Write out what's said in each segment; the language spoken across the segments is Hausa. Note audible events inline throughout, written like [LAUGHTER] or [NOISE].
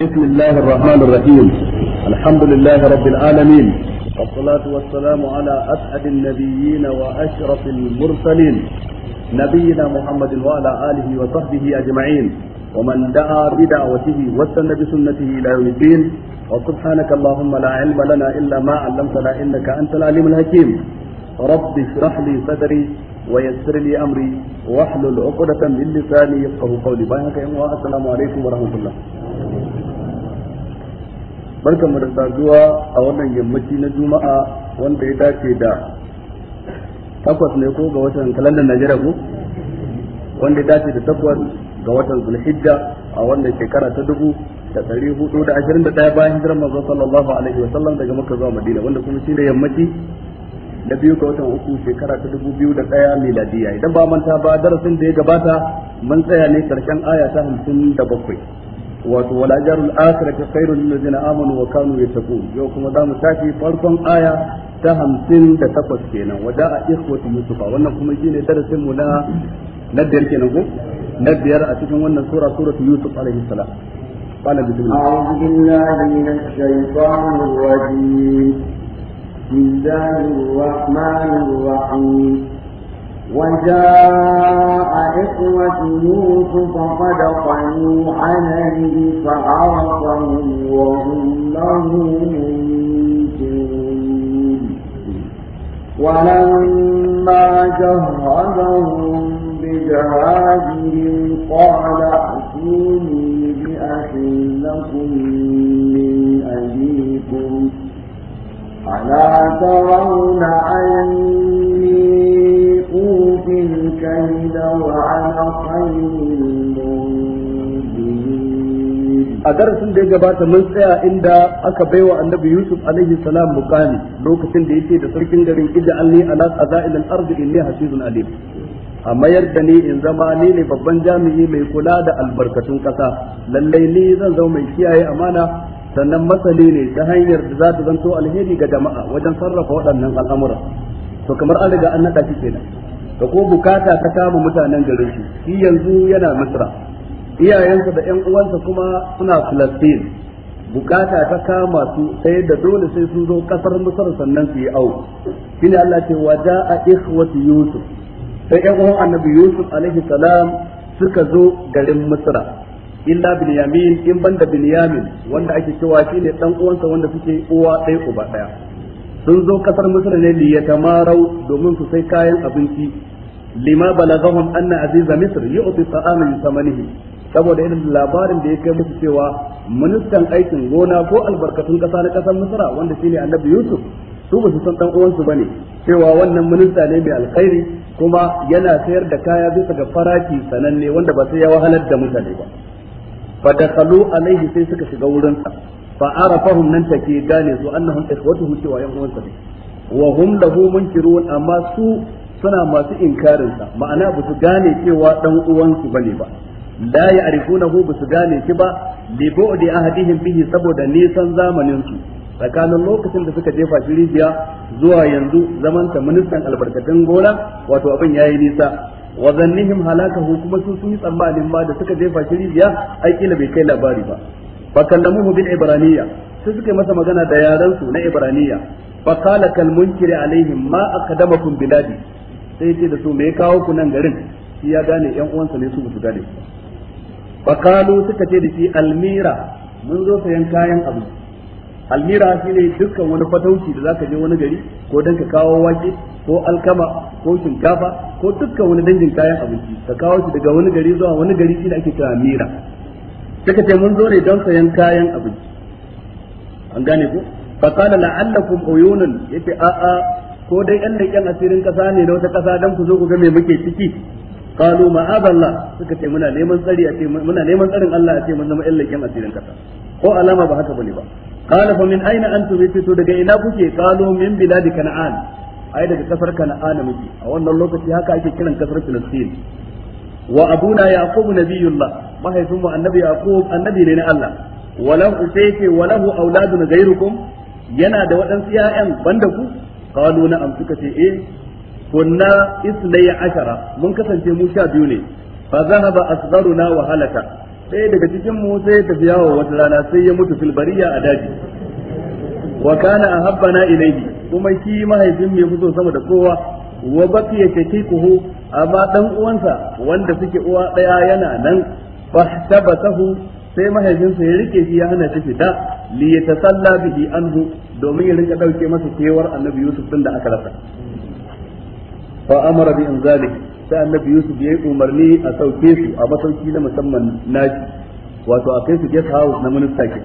بسم الله الرحمن الرحيم الحمد لله رب العالمين والصلاة والسلام على أسعد النبيين وأشرف المرسلين نبينا محمد وعلى آله وصحبه أجمعين ومن دعا بدعوته واستنى بسنته إلى يوم الدين وسبحانك اللهم لا علم لنا إلا ما علمتنا إنك أنت العليم الحكيم رب اشرح لي صدري ويسر لي أمري واحلل عقدة من لساني يفقه قولي بايعك السلام عليكم ورحمة الله barkan mu da saduwa a wannan yammaci na juma'a wanda ya dace da takwas ne ko ga watan kalandar najeriya ko wanda ya dace da takwas ga watan zulhijja a wannan shekara ta dubu da ɗari hudu da ashirin da ɗaya bayan hijirar manzon sallallahu alaihi wa sallam daga makka zuwa madina wanda kuma shi ne yammaci na biyu ga watan uku shekara ta dubu biyu da ɗaya miladiya idan ba manta ba darasin da ya gabata mun tsaya ne karshen aya ta hamsin da bakwai wato wala jarul akhirati khairul lil ladina amanu wa kanu yattaqun yau kuma zamu tafi farkon aya ta 58 kenan wada'a ikhwati yusufa wannan kuma shine darasin mu na na biyar kenan ko na biyar a cikin wannan sura suratu yusuf alaihi salam قال بسم الله أعوذ بالله من الشيطان الرجيم بسم وجاء إخوة يوسف فدخلوا عليه فعرفهم وهم له منكرون ولما جهزهم بجهازهم قال ائتوني بأخ لكم من أبيكم ألا ترون أن a darasin da ya gabata mun tsaya inda aka baiwa annabi Yusuf alaihi salam mukami lokacin da yake da sarkin garin ija'alni ala qaza'il al-ardi inni hasibun alim a mayar da ni in zama ni ne babban jami'i mai kula da albarkatun kasa lallai ni zan zama mai kiyaye amana sannan masali ne ta hanyar da za ta zanto alheri ga jama'a wajen sarrafa waɗannan al'amura to kamar an riga an naɗa shi kenan da ko bukata ta kama mutanen garin shi shi yanzu yana misra iyayensa da yan uwansa kuma suna filastin bukata ta kama su sai da dole sai sun zo kasar misra sannan su yi shi ne Allah ce wa a ikhwati yusuf sai yan uwan annabi yusuf alaihi salam suka zo garin misra illa binyamin in banda binyamin wanda ake cewa shine dan uwansa wanda suke uwa ɗaya uba ɗaya sun zo kasar misr ne li tamarau domin su sai kayan abinci lima balagahum anna aziza misr yu'ti ta'aman samanihi saboda irin labarin da ya kai musu cewa ministan aikin gona ko albarkatun kasa na kasar misra wanda shine annabi yusuf su ba su san dan uwansu bane cewa wannan minista ne mai alkhairi kuma yana sayar da kaya bisa ga faraki sananne wanda ba sai ya wahalar da mutane ba fa dakhalu alaihi sai suka shiga wurinsa fa arafahum nan take gane su annahum ikhwatuhu cewa yan uwansa ne wa hum lahu munkirun amma su suna masu inkarin sa ma'ana ba su gane cewa dan uwansu bane ba la ya'rifunahu ba su gane shi ba li bu'di ahadihim bihi saboda nisan zamanin su tsakanin lokacin da suka jefa shi zuwa yanzu zaman ta ministan albarkatun gona wato abin yayi nisa wa zannihim halakahu kuma su sun yi tsammanin ma da suka jefa shi rijiya ai kila bai kai labari ba fa kallamuhu bil ibraniyya sai suka masa magana da yaran su na ibraniyya fa qala kal munkiri alaihim ma aqdamakum biladi sai ce da su me kawo ku nan garin shi ya gane yan uwansa ne su mutu gane fa suka ce da shi almira mun zo sayan kayan abu almira shine dukkan wani fatauci da zaka je wani gari ko dan ka kawo wake ko alkama ko shinkafa ko dukkan wani dangin kayan abinci ka kawo shi daga wani gari zuwa wani gari shine ake kira almira. suka ce mun zo ne don sayan kayan abinci an gane ko fa qala la'allakum uyunun yace a a ko dai yan leƙen asirin kasa ne na wata kasa dan ku zo ku ga me muke ciki qalu ma'adallah suka ce muna neman tsari a ce muna neman tsarin Allah a ce mun zama yan leƙen asirin kasa ko alama ba haka bane ba qala fa min aina antum to daga ina kuke qalu min biladi kana'an ai daga kasar kana'an muke a wannan lokaci haka ake kiran kasar filistin wa abuna yaqub nabiyullah mahaifin mu annabi yaqub annabi ne na Allah walahu sayfi walahu auladun ghayrukum yana da waɗansu ƴaƴan banda ku qalu na am suka ce eh kunna isnai ashara mun kasance mu sha biyu ne fa zahaba asgharuna wa halaka sai daga cikin mu sai tafi yawo wata rana sai ya mutu fil bariya a daji wa kana ahabbana ilayhi kuma shi mahaifin mu yafi so sama da kowa wa baqiya shaqiquhu amma dan uwansa wanda suke uwa daya yana nan tabatahu sai mahaifinsa ya rike shi ya hana shi fita li yatasalla bihi anhu domin ya rinka dauke masa kewar annabi Yusuf din da aka rasa fa amara bi inzali sai annabi Yusuf ya yi umarni a sauke su a masauki na musamman naji wato a kai su guest house na minista ke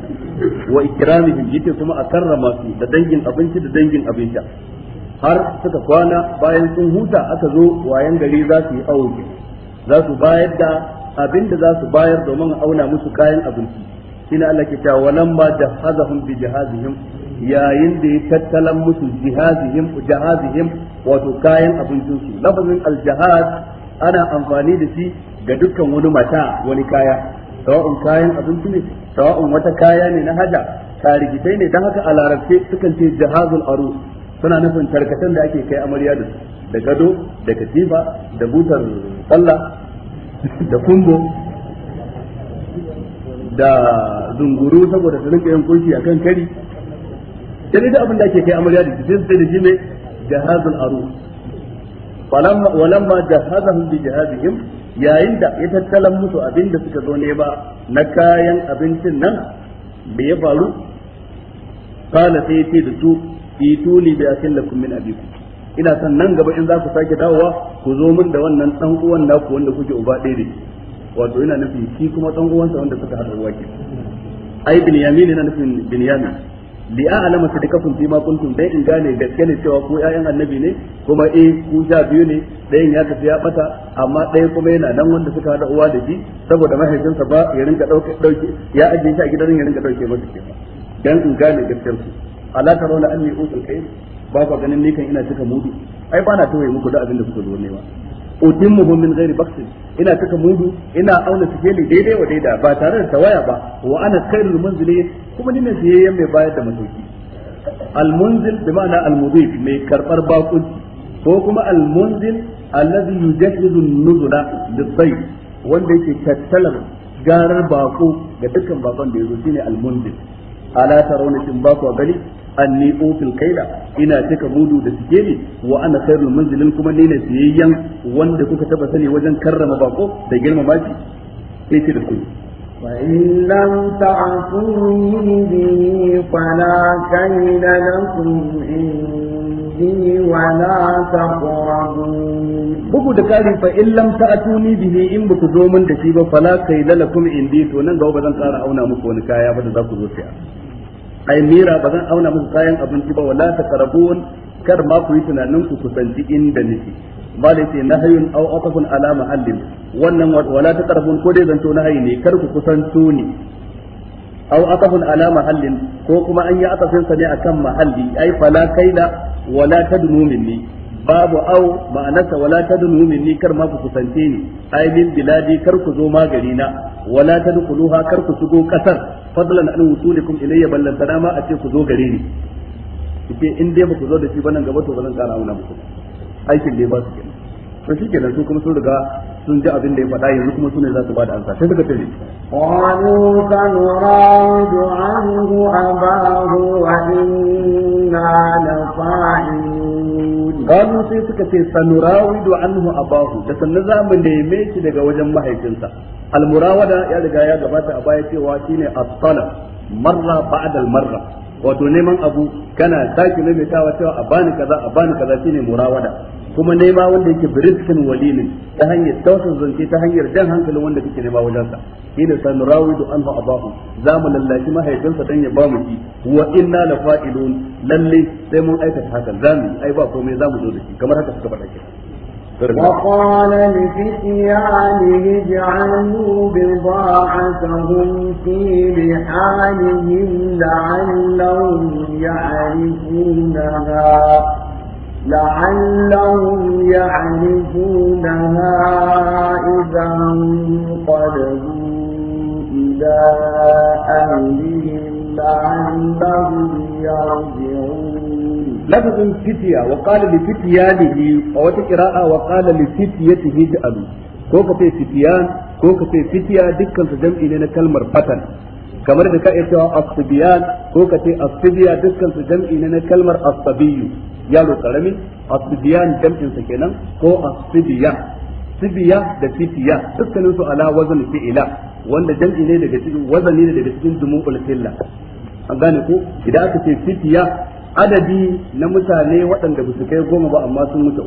wa ikramihim yace kuma a karrama su da dangin abinci da dangin abinci har suka kwana bayan sun huta aka zo wayan gari za su yi awo za su bayar da abin da za su bayar domin auna musu kayan abinci shine Allah ke cewa walan ma jahazahum bi jihazihim yayin da ya tattalan musu jihazihim jihazihim wato kayan abincin su lafazin aljihaz ana amfani da shi ga dukkan wani mata wani kaya sawa'un kayan abinci ne sawa'un wata kaya ne na haja tarigitai ne don haka a larabce sukan ce jihazul arus suna nufin tarkatan da ake kai amarya da da gado da katifa da butar tsalla da kumbo da zunguru saboda su rinka yin kunshi akan kari sai da abin da ake kai amarya da sai sai da shi ne jahazul aru falamma walamma jahazahum bi jahazihim yayin da ya tattalan musu abin da suka zo ne ba na kayan abincin nan me ya faru kana sai ya ce da su ituli bi akillakum min abikum ina son nan gaba in za ku sake dawowa ku zo min da wannan dan uwan naku wanda kuke uba ɗaya da wato ina nufi shi kuma dan sa wanda suka haɗa waki Ai bin yamin ina nufin yamin li a'lama sadaqakum bima kuntum dai in gane gaske ne cewa ko ƴaƴan annabi ne kuma eh ku ja biyu ne ɗayan ya tafi ya bata amma ɗaya kuma yana nan wanda suka haɗa uwa da shi saboda mahaifinsa ba ya rinka ɗauke ya ajiye shi a gidan ya rinka ɗauke masa kenan dan in gane gaskiyar su ala an anni utul kai, ba ku ganin nikan ina cika mudu ai ba na tawaye muku da abin da kuka zo nema mu min ghairi baksin ina cika mudu ina auna sikeli daidai wa daida ba tare da tawaya ba wa ana khairul manzili kuma ni ne siyayyen mai bayar da masauki almunzil bi ma'ana almudif mai karbar bakunci ko kuma almunzil allazi yujahidu an-nuzula bi dayf wanda yake tattalar garar bako ga dukkan bakon da yazo shine almunzil ala tarawna tin bako gani anni utul kaila ina cika mudu da sikeli wa ana khairul manzilin kuma ni ne siyayyan wanda kuka taba sani wajen karrama bako da girmama shi sai ce da ku وإن لم تعصوني in فلا كيد لكم عندي ولا تقربون بقول دكاري فإن لم تأتوني به إن بكدوم دشيبا zan كيد auna muku wani kaya ba da za ku zo ذاك ai mira ba zan auna musu kayan abinci ba wala ta taqrabun kar ma ku yi tunanin ku kusanci inda nake bale sai nahayun aw atafun ala mahallin wannan wala ta taqrabun ko dai zanto nahayi ne kar ku kusanto ni aw atafun ala mahallin ko kuma an yi atafin sa ne akan mahalli ai fala kaida wala tadnu minni babu au ma'anarsa wala tadnu minni kar ma ku kusance ni ai min biladi kar ku zo na, wala tadkhuluha kar ku shigo kasar fadlan an wusulikum ilayya ballan tana a ce ku zo gare ni kike in dai ba ku zo da shi ba nan gaba to ba zan kara auna muku aikin da ya ba su kenan to shi kenan su kuma sun riga sun ji abin da ya faɗa yanzu kuma sune za su ba da ansa sai suka tare qalu sanuradu anhu abahu wa inna la qalu sai suka ce sanurawidu anhu abahu da sannan za mu neme shi daga wajen mahaifinsa almurawada ya riga ya gabata a baya cewa shine at-talab marra ba'da al-marra wato neman abu kana sake maimaitawa cewa a bani kaza a bani kaza shine murawada kuma nema wanda yake biriskin walinin ta hanyar tausar zance ta hanyar jan hankalin wanda kake nema sa ina san rawidu an fa abahu za mu lallashi mahaifinsa dan ya ba mu shi wa inna la fa'ilun lalle sai mun aikata haka za mu ai ba komai za mu zo da shi kamar haka suka faɗa kenan وقال لفتيانه اجعلوا بضاعتهم في رحالهم لعلهم يعرفونها لعلهم يعرفونها إذا انقلبوا إلى أهلهم لعلهم يرجعون لفظ فتية وقال لفتيانه أو قراءة وقال لفتيته اجعلوا ko ka ce fitiyan ko ka ce fitiya dukkan su jam'i ne na kalmar fatan kamar da ka iya cewa asbiyan ko ka ce asbiya dukkan su jam'i ne na kalmar asbiyu yaro karami asbiyan jam'in sa kenan ko asbiya sibiya da fitiya dukkanin su ala wazan fi'ila wanda jam'i ne daga cikin wazani ne daga cikin jumu'ul killa an gane ko idan aka ce fitiya adadi na mutane waɗanda ba su kai goma ba amma sun mutu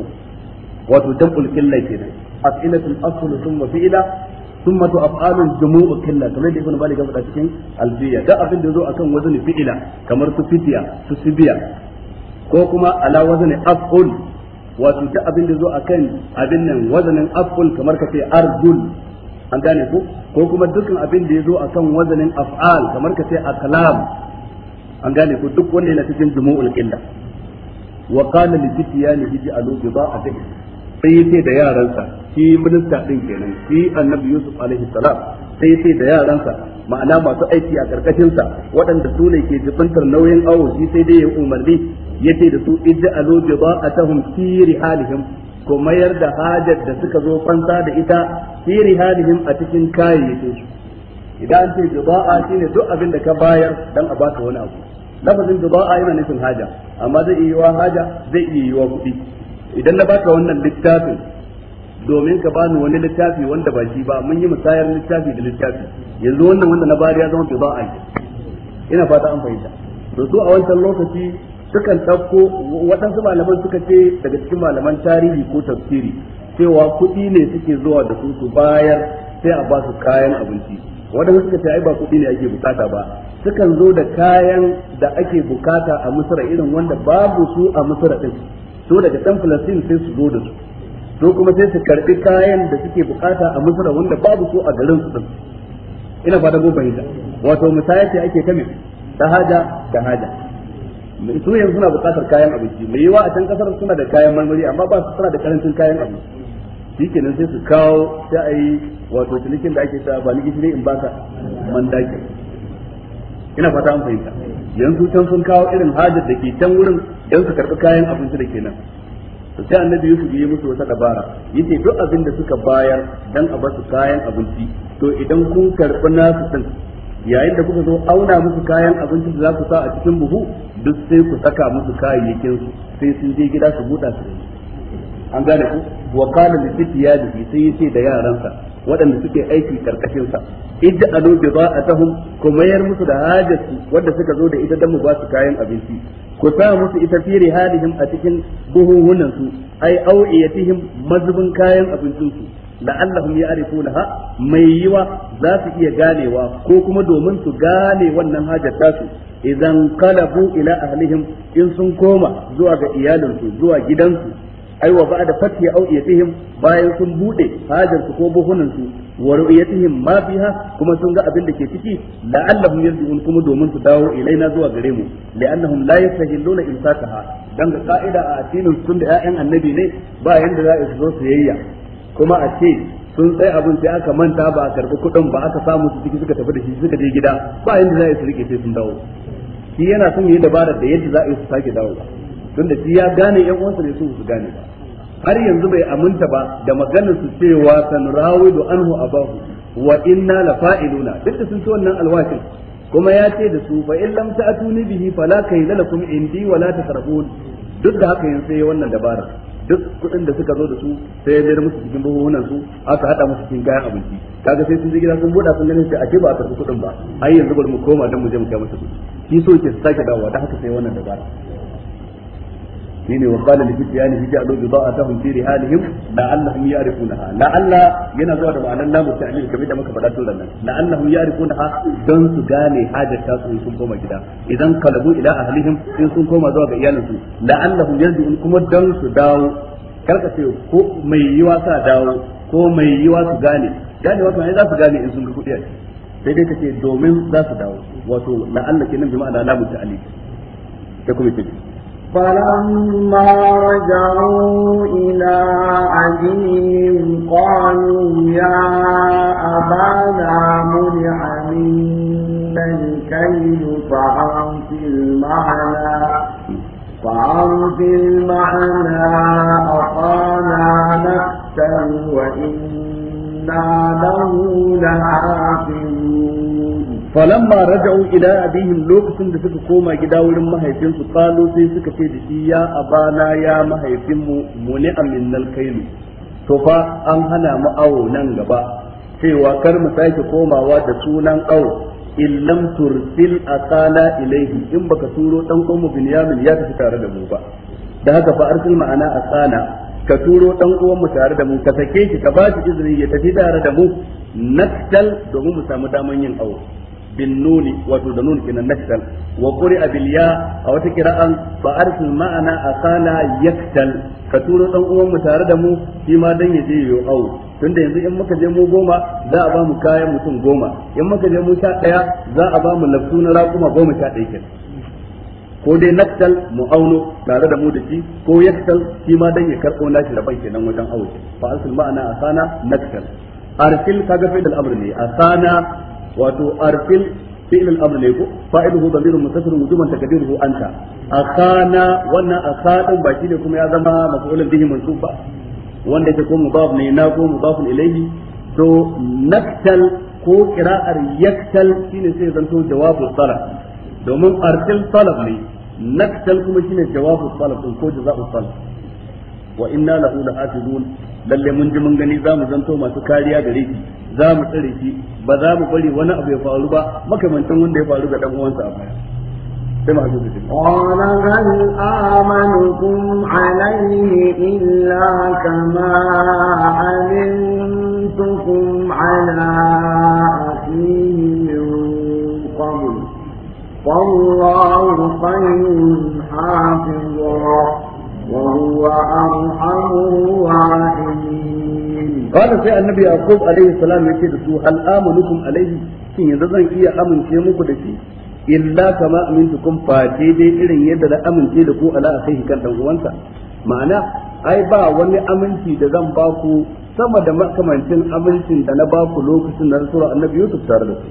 wato jam'ul killa kenan as'ilatul asl thumma fi'ila ثم أفعال الجموع كلا كما يقول ابن مالك فدا cikin albiya da abin da yazo akan wazani fi'ila kamar su fitiya an gane ko kuma dukkan abin da wazanin af'al kamar an gane duk wanda yana cikin jumu'ul qilla wa qala li sai ce da yaransa shi minista din kenan shi annabi yusuf alaihi salam sai ce da yaransa ma'ana masu aiki a karkashin waɗanda su ne ke jibantar nauyin awo shi sai dai ya umarni yace da su ij'alu bida'atahum fi rihalihim ko mayar da hajar da suka zo fansa da ita fi rihalihim a cikin kayayyakin su idan an ce bida'a shine duk abin da ka bayar dan a baka wani abu lafazin bida'a yana nufin haja amma zai iya yiwa haja zai iya yiwa kuɗi idan na baka wannan littafin domin ka bani wani littafi wanda ba shi ba mun yi musayar littafi da littafi yanzu wannan wanda na bari ya zama bai ba a yi ina fata an fahimta to su a wancan lokaci sukan ɗauko waɗansu malaman suka ce daga cikin malaman tarihi ko tafsiri cewa kuɗi ne suke zuwa da su su bayar sai a ba su kayan abinci waɗansu suka ce ai ba kuɗi ne ake bukata ba sukan zo da kayan da ake bukata a misra irin wanda babu su a misra din su daga ɗan filastin sai su zo da su su kuma sai su karɓi kayan da suke bukata a misra wanda babu su a garin su ina fata ko fahimta wato misali ce ake kame ta haja ta haja su yanzu suna bukatar kayan abinci mai yiwa a can kasar suna da kayan marmari amma ba su suna da karancin kayan abinci shi kenan sai su kawo sai a yi wato cinikin da ake sa ba ni gishiri in baka man daki ina fata an fahimta yanzu can sun kawo irin hajar da ke can wurin don su karɓi kayan abinci da ke nan su sai annabi Yusuf yi musu wata dabara yace duk abin da suka bayar dan a basu kayan abinci to idan kun karɓi nasu din yayin da kuka zo auna musu kayan abinci da za ku sa a cikin buhu duk sai ku saka musu kayayyakin su sai sun je gida su buɗa su an gane ku wa qala li fitiyadihi sai yace da yaransa waɗanda suke aiki karkashin sa a bida'atahum ku mayar musu da hajatu wanda suka zo da ita dan mu ba su kayan abinci ku sa musu ita firi halihim a cikin buhuhunan su ai au'iyatihim mazubin kayan abincin su la'allahum ya'rifunaha mai yiwa za su iya ganewa ko kuma domin su gane wannan hajar tasu idan qalabu ila ahlihim in sun koma zuwa ga iyalinsu zuwa gidansu Aiwa da wa ya fathi awiyatihim bayan sun bude hajar su ko buhunan su wa ru'yatihim ma biha kuma sun ga abin da ke ciki la'allahum yarji'un kuma domin su dawo ilaina zuwa gare mu la'annahum la yastahilluna imsakaha dan ga ka'ida a addinin sun da ƴaƴan annabi ne ba yanda za su zo siyayya kuma a ce sun tsaye abin sai aka manta ba a karɓi kuɗin ba aka samu su ciki suka tafi da shi suka je gida ba yanda za su rike sai sun dawo shi yana son yi dabarar da yadda za a yi su sake dawo don da shi ya gane yan uwansa ne su su gane ba har yanzu bai aminta ba da maganar su cewa san rawidu anhu abahu wa inna la fa'iluna duk da sun ci wannan alwashin kuma ya ce da su fa in lam ta'tuni bihi fala kayla lakum indi wala tasrabun duk da haka yanzu sai wannan dabara duk kuɗin da suka zo da su sai ya musu cikin buhunan su aka hada musu cikin kayan abinci kaga sai sun je gida sun buɗa sun ganin sai a ce ba a karɓi kuɗin ba ai yanzu bari mu koma dan mu je mu kai musu su shi so ke sake dawowa da haka sai wannan dabara shine wa qala li fityanihi ja'alu bida'atahum fi rihalihim la'annahum ya'rifunaha la'alla yana zuwa da ma'anar lamu ta'lil kamar da muka faɗa tun nan la'annahum ya'rifunaha don su gane hajar ta su sun koma gida idan kalabu ila ahlihim in sun koma zuwa ga iyalinsu la'annahum yarji'un kuma don su dawo karka ce ko mai yiwa sa dawo ko mai yiwa su gane gane wato ai za su gane in sun ga kuɗi sai dai kace domin za su dawo wato la'alla kenan bi ma'ana lamu ta'lil sai kuma ce فلما رجعوا إلى أبيهم قالوا يا أبانا منع منا الكيل فأرسل معنا فأرسل معنا أخانا نكتل وإنا له لحافظون فلما رجعوا الى ابيهم lokacin da suka koma gida wurin mahaifinsu falo sai suka ce da shi ya abana ya mahaifinmu muni nal kailu to fa an hana mu awo nan gaba cewa kar mu sake komawa da sunan awo illam lam tursil aqala ilayhi in baka turo dan uwan mu binyamin ya tafi tare da mu ba da haka fa arsil ma'ana aqala ka turo dan uwan mu tare da mu ka sake shi ka ba shi izini ya tafi tare da mu naktal domin mu samu daman yin awo bin nuni wato da nun kenan naktal wa quri'a bil ya a wata qira'an fa arsil ma'ana akana yaktal ka turo dan uwan mu tare da mu shi ma dan ya yo au tunda yanzu in muka je mu goma za a ba mu kayan mutum goma in muka je mu sha daya za a ba mu laftu na raƙuma goma sha daya kenan ko dai naktal mu auno tare da mu da shi ko yaktal shi ma dan ya karɓo nashi rabon kenan wajen aure fa arsil ma'ana akana naktal arsil kaga fi al amr ne asana wato arsil fi'il al-amr ne ko fa'iluhu dhamirun mutasarrif wujuban takdiruhu anta akhana wannan akhadan ba ne kuma ya zama maf'ulun bihi mansub ba wanda yake ko mudaf ne na ko mudaf ilayhi to naktal ko qira'ar yaktal shine sai zanto jawabu talab domin arsil talab ne naktal kuma shine jawabu talab ko jazaa'u talab wa inna lahu la'atidun lalle mun ji mun gani za mu zanto masu kariya gare shi za mu tsare shi ba za mu bari wani abu ya faru ba makamantan wanda ya faru ga dan uwansa a baya قال هل آمنكم عليه illa kama. annabi yaqub alaihi salam yake da su hal amanukum alaihi kin yanzu zan iya amince muku da shi illa kama amintukum fa daidai irin yadda na amince da ku ala akai kan dan uwanka ma'ana ai ba wani aminci da zan ba ku sama da makamancin amincin da na ba ku lokacin da na annabi yusuf tare da su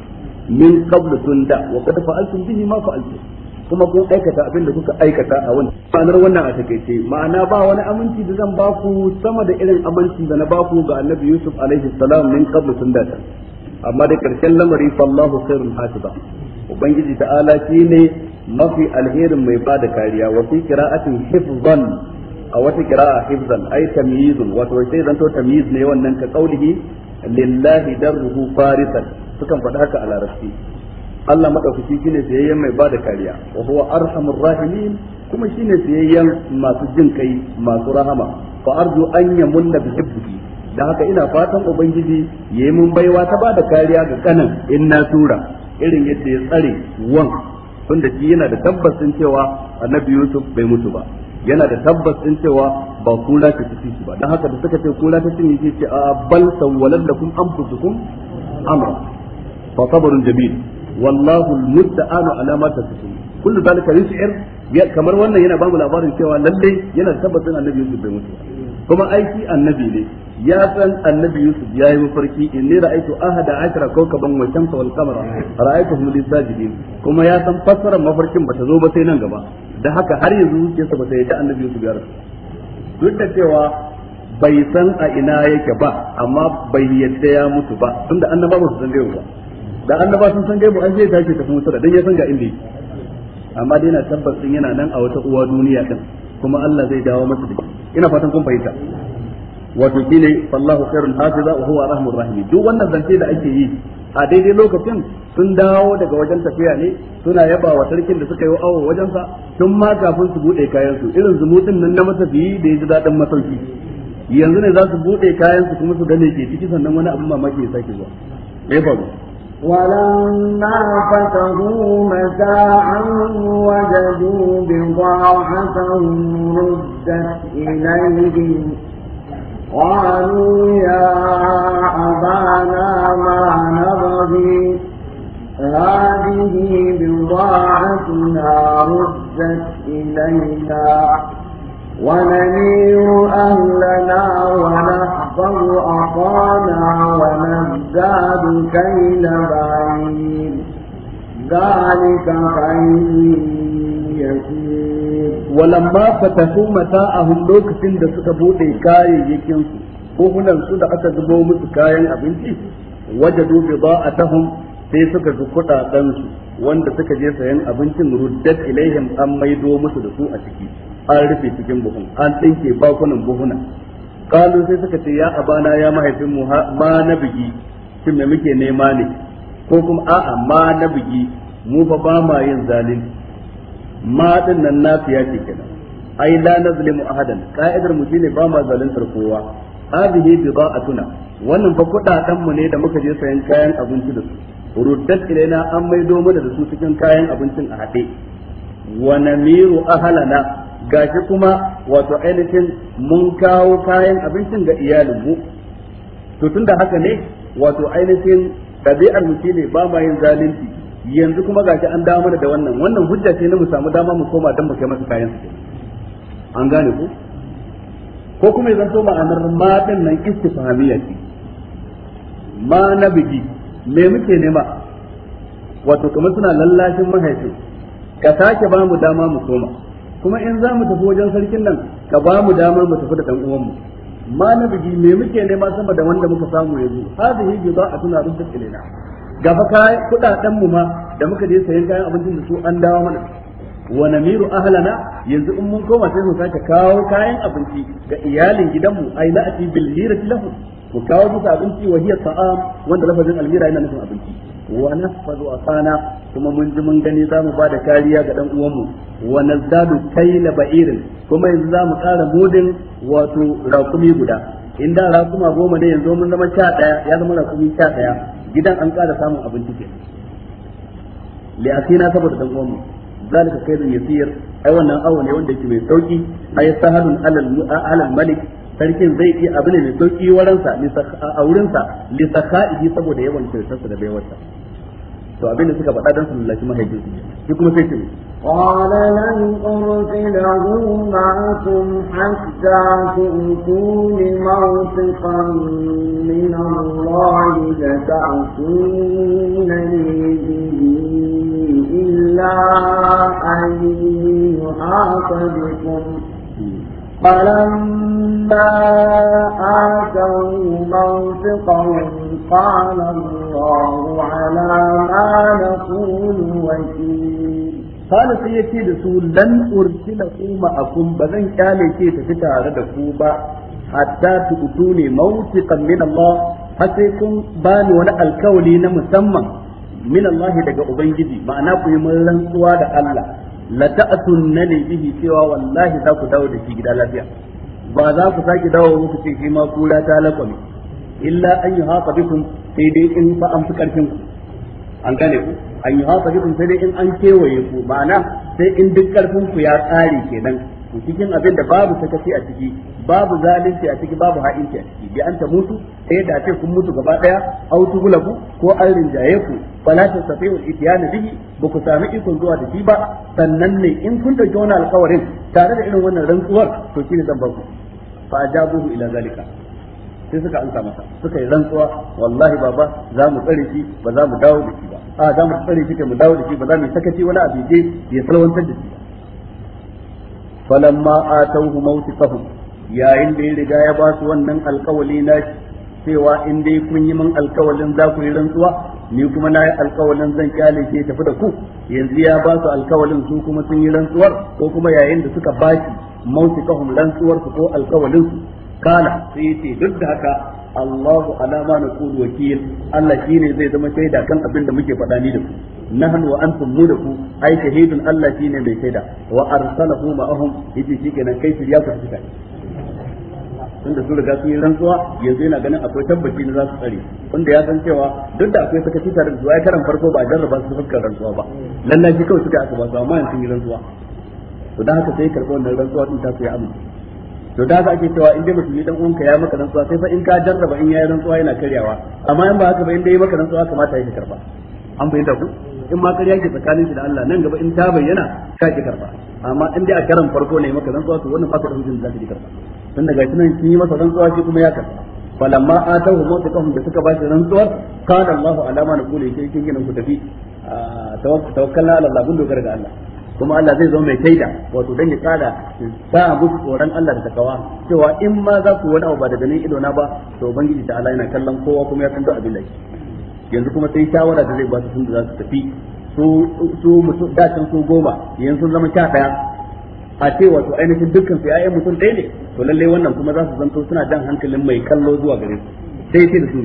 min qablu tunda wa qad fa'altum bihi ma fa'altum kuma kun aikata abin da kuka aikata a wannan ma'anar wannan a takaice ma'ana ba wani aminci da zan ba ku sama da irin aminci da na ba ku ga annabi yusuf alaihi salam min tun da ta amma da karshen lamari fallahu khairul hasiba ubangiji ta'ala ne mafi alherin mai ba da kariya wa fi qira'atin hifzan a wata qira'a hifzan ay tamyizun wato sai zan to tamyiz ne wannan ka qaulihi lillahi darruhu farisan sukan faɗa haka a larabci Allah madaukaki shine tsayayyen mai ba da kariya wa huwa arhamur rahimin kuma shine tsayayyen masu jin kai masu rahama fa arju an yamunna bi hibbihi da haka ina fatan ubangiji yayi mun baiwa ta bada kariya ga kanin in na tura irin yadda ya tsare wan tunda shi yana da tabbacin cewa annabi Yusuf bai mutu ba yana da tabbacin cewa ba kula ta cikin shi ba dan haka da suka ce kula ta cikin shi ce a bal sawwalan anfusukum amra fa sabrun jabil wallahu almusta'anu ala ma tasifun kullu zalika yus'ir kamar wannan yana bamu labarin cewa lalle yana tabbatin annabi Yusuf bai mutu kuma aiki annabi ne ya san annabi Yusuf ya yi mafarki inni ra'aytu ahada ashara kawkaban wa shamsa wal qamara ra'aytuhum li sajidin kuma ya san fassarar mafarkin bata zo ba sai nan gaba da haka har yanzu zuciyarsa bata yadda annabi Yusuf ya rasu duk da cewa bai san a ina yake ba amma bai yadda ya mutu ba tunda annabawa su san da yau ba da annaba sun san gaibu an zai tashi tafi musu da dan ya san ga inda yake amma dai na tabbas din yana nan a wata uwa duniya din kuma Allah zai dawo masa da ina fatan kun fahimta wato shine fallahu khairul hafiza wa huwa arhamur rahim duk wannan zance da ake yi a daidai lokacin sun dawo daga wajen tafiya ne suna yaba wa sarkin da suka yi awo wajensa tun ma kafin su bude kayan su irin zumutin nan na matafiyi da ya ji masauki yanzu ne za su bude kayan su kuma su gane ke ciki sannan wani abu mamaki ya sake zuwa Me babu ولما فتحوا متاعهم وجدوا بضاعتهم ردت إليهم قالوا يا أبانا ما نبغي هذه بضاعتنا ردت إلينا ونمير أهلنا ونحفظ أخانا ونزداد كيل بعيد ذلك خير يسير ولما فتحوا متاعهم da suka bude kayayyakinsu, su kohunan su da aka zubo musu kayan abinci wajadu bida'atahum sai suka ji kudaden su wanda suka je sayan abincin ruddat ilaihim an maido musu da su a ciki an rufe cikin buhun an ɗinke bakunan buhuna kalu sai suka ce ya abana ya mahaifin mu ma na bigi shin me muke nema ne ko kuma a'a ma na bigi mu fa ba ma yin zalim ma din nan nafiya ce kenan ai la nazlimu ahadan ka'idar mu shine ba ma zaluntar kowa hadhihi bida'atuna wannan fa kudaden mu ne da muka je sayan kayan abinci da su ruddat ilaina an maido mana da su cikin kayan abincin a haɗe wa namiru ahalana gashi kuma wato ainihin mun kawo kayan abincin ga iyalinmu to tunda haka ne wato ainihin ɗabi'ar mu shine ba ma yin zalunci yanzu kuma gashi an dawo mana da wannan wannan hujja ce na mu samu dama mu koma dan mu kai masa kayan su an gane ku ko kuma idan zanto ma'anar ma din nan istifhamiyya ce ma na bigi me muke nema wato kamar suna lallashin mahaifi ka sake ba mu dama mu koma kuma in za mu tafi wajen sarkin nan ka ba mu damar mu tafi da dan uwanmu ma na biji me muke nema sama da wanda muka samu yanzu hadhihi bida'atuna rusdat ilaina gaba kai kudaden mu ma da muka je sayan kayan abincin da su an dawo mana wa namiru ahlana yanzu in mun koma sai mu sake kawo kayan abinci ga iyalin gidanmu ai la'ati bil hirati lahum mu kawo musu abinci wa hiya ta'am wanda lafazin almira yana nufin abinci wa nasfadu asana kuma mun ji mun gani zamu ba da kariya ga dan uwanmu wa nazdadu kayla ba'irin kuma yanzu zamu tsara mudin wato rakumi guda Inda da rakuma goma ne yanzu mun zama sha daya ya zama rakumi sha daya gidan an ƙara samun abinci ke li asina saboda dan uwanmu zalika kayrun yasir ai wannan awo ne wanda yake mai sauki ai sahalun alal alal malik sarkin zai yi abu ne mai sauki a wurinsa lisaka'ihi saboda yawan kyautarsa da baiwarsa to abin da suka faɗa don su lullaci mahaifin su shi kuma sai ce قال لن أرسله معكم حتى تؤتون موثقا من الله لتأتونني به إلا أن يحاط بكم Ƙararren asa wunin, don fi son kwanan ruwan, ranar da suna waje. Salisu da su Dan'ul suna kuma a kunba, zan ƙyale shi su fi taro da ku ba. Hadda ta mutu ne, mawtukan Minna lahu, ha sai sun bani wani alƙawuli na musamman, Minna lahu daga Ubangiji, ma'ana ƙwemar lansuwa da Allah. la ta'tunnani bihi cewa wallahi za ku dawo da shi gida lafiya ba za ku sake dawo muku ce shi ma kura ta lakwame illa an yi haka bikum sai dai in fa an fi karfin ku an gane ku an yi haka bikum sai dai in an kewaye ku ma'ana sai in duk karfin ku ya tsare kenan to cikin abin da babu sakaci a ciki babu zalunci a ciki babu ha'inci a ciki bi an ta mutu sai da ce kun mutu gaba daya au tughlabu ko an rinjaye ku fala tastati'u al-ityan bihi ba ku sami ikon zuwa da shi ba sannan ne in kun da jona alƙawarin tare da irin wannan rantsuwar to shi ne zan ku fa ajabuhu ila zalika sai suka ansa masa suka yi rantsuwa wallahi baba za mu tsare shi ba za mu dawo da shi ba a za mu tsare shi kai mu dawo da shi ba za mu sakaci wani abu je ya salwantar da shi ba falamma atawhu mawtiqahum yayin da ya riga ya ba su wannan alkawali na cewa in dai kun yi min alkawalin za ku yi rantsuwa ni kuma na yi alkawalin zan kyale ke tafi da ku yanzu ya ba su alkawalin su kuma sun yi rantsuwar ko kuma yayin da suka ba shi mautikahum rantsuwar su ko alkawalin Kala kana sai ce duk da haka Allahu ala ma naqulu wakil Allah shine zai zama shaida kan abin da muke faɗa ni da ku nahnu wa antum mu da ku ai shahidun Allah shine mai shaida wa arsalahu ma'ahum yace shikenan kai shi shirya ku fita tunda sun riga sun yi rantsuwa yanzu yana ganin akwai tabbaci na za su tsare Tunda ya san cewa duk da akwai sakaci fitar da zuwa karan farko ba a jarraba su fuskar rantsuwa ba lallashi kawai suka aka ba su amma yanzu sun yi rantsuwa to dan haka sai karɓi wannan rantsuwa din ta su ya to da haka ake cewa in dai ya dan uwanka ya maka rantsuwa sai fa in ka jarraba in yayi rantsuwa yana karyawa amma in ba haka ba in dai maka rantsuwa kamata yake karba an bayyana ku in ma karya ke tsakanin shi da Allah nan gaba in ta bayyana ka ki karba amma in dai a karan farko ne maka rantsuwa to wannan baka da za ka zaka ki karba tun daga shi nan kin yi masa rantsuwa shi kuma ya karba falamma atahu mutaqahum da suka ba shi rantsuwar qala Allahu alama na kula yake kin gina ku tafi ah, tawakkalna ala Allah gun dogara ga Allah kuma Allah zai zama mai taida wato dan ya tsara sa musu tsoron Allah da takawa cewa in ma za ku wani abu ba daga nan ido na ba to ubangiji ta Allah yana kallon kowa kuma ya san duk abin da yake yanzu kuma sai shawara da zai ba su tunda za su tafi su su mutum da can su goma yanzu sun zama sha daya a ce wato ainihin dukkan su yayin mutum ɗaya ne to lallai wannan kuma za su zanto suna dan hankalin mai kallo zuwa gare su sai sai da su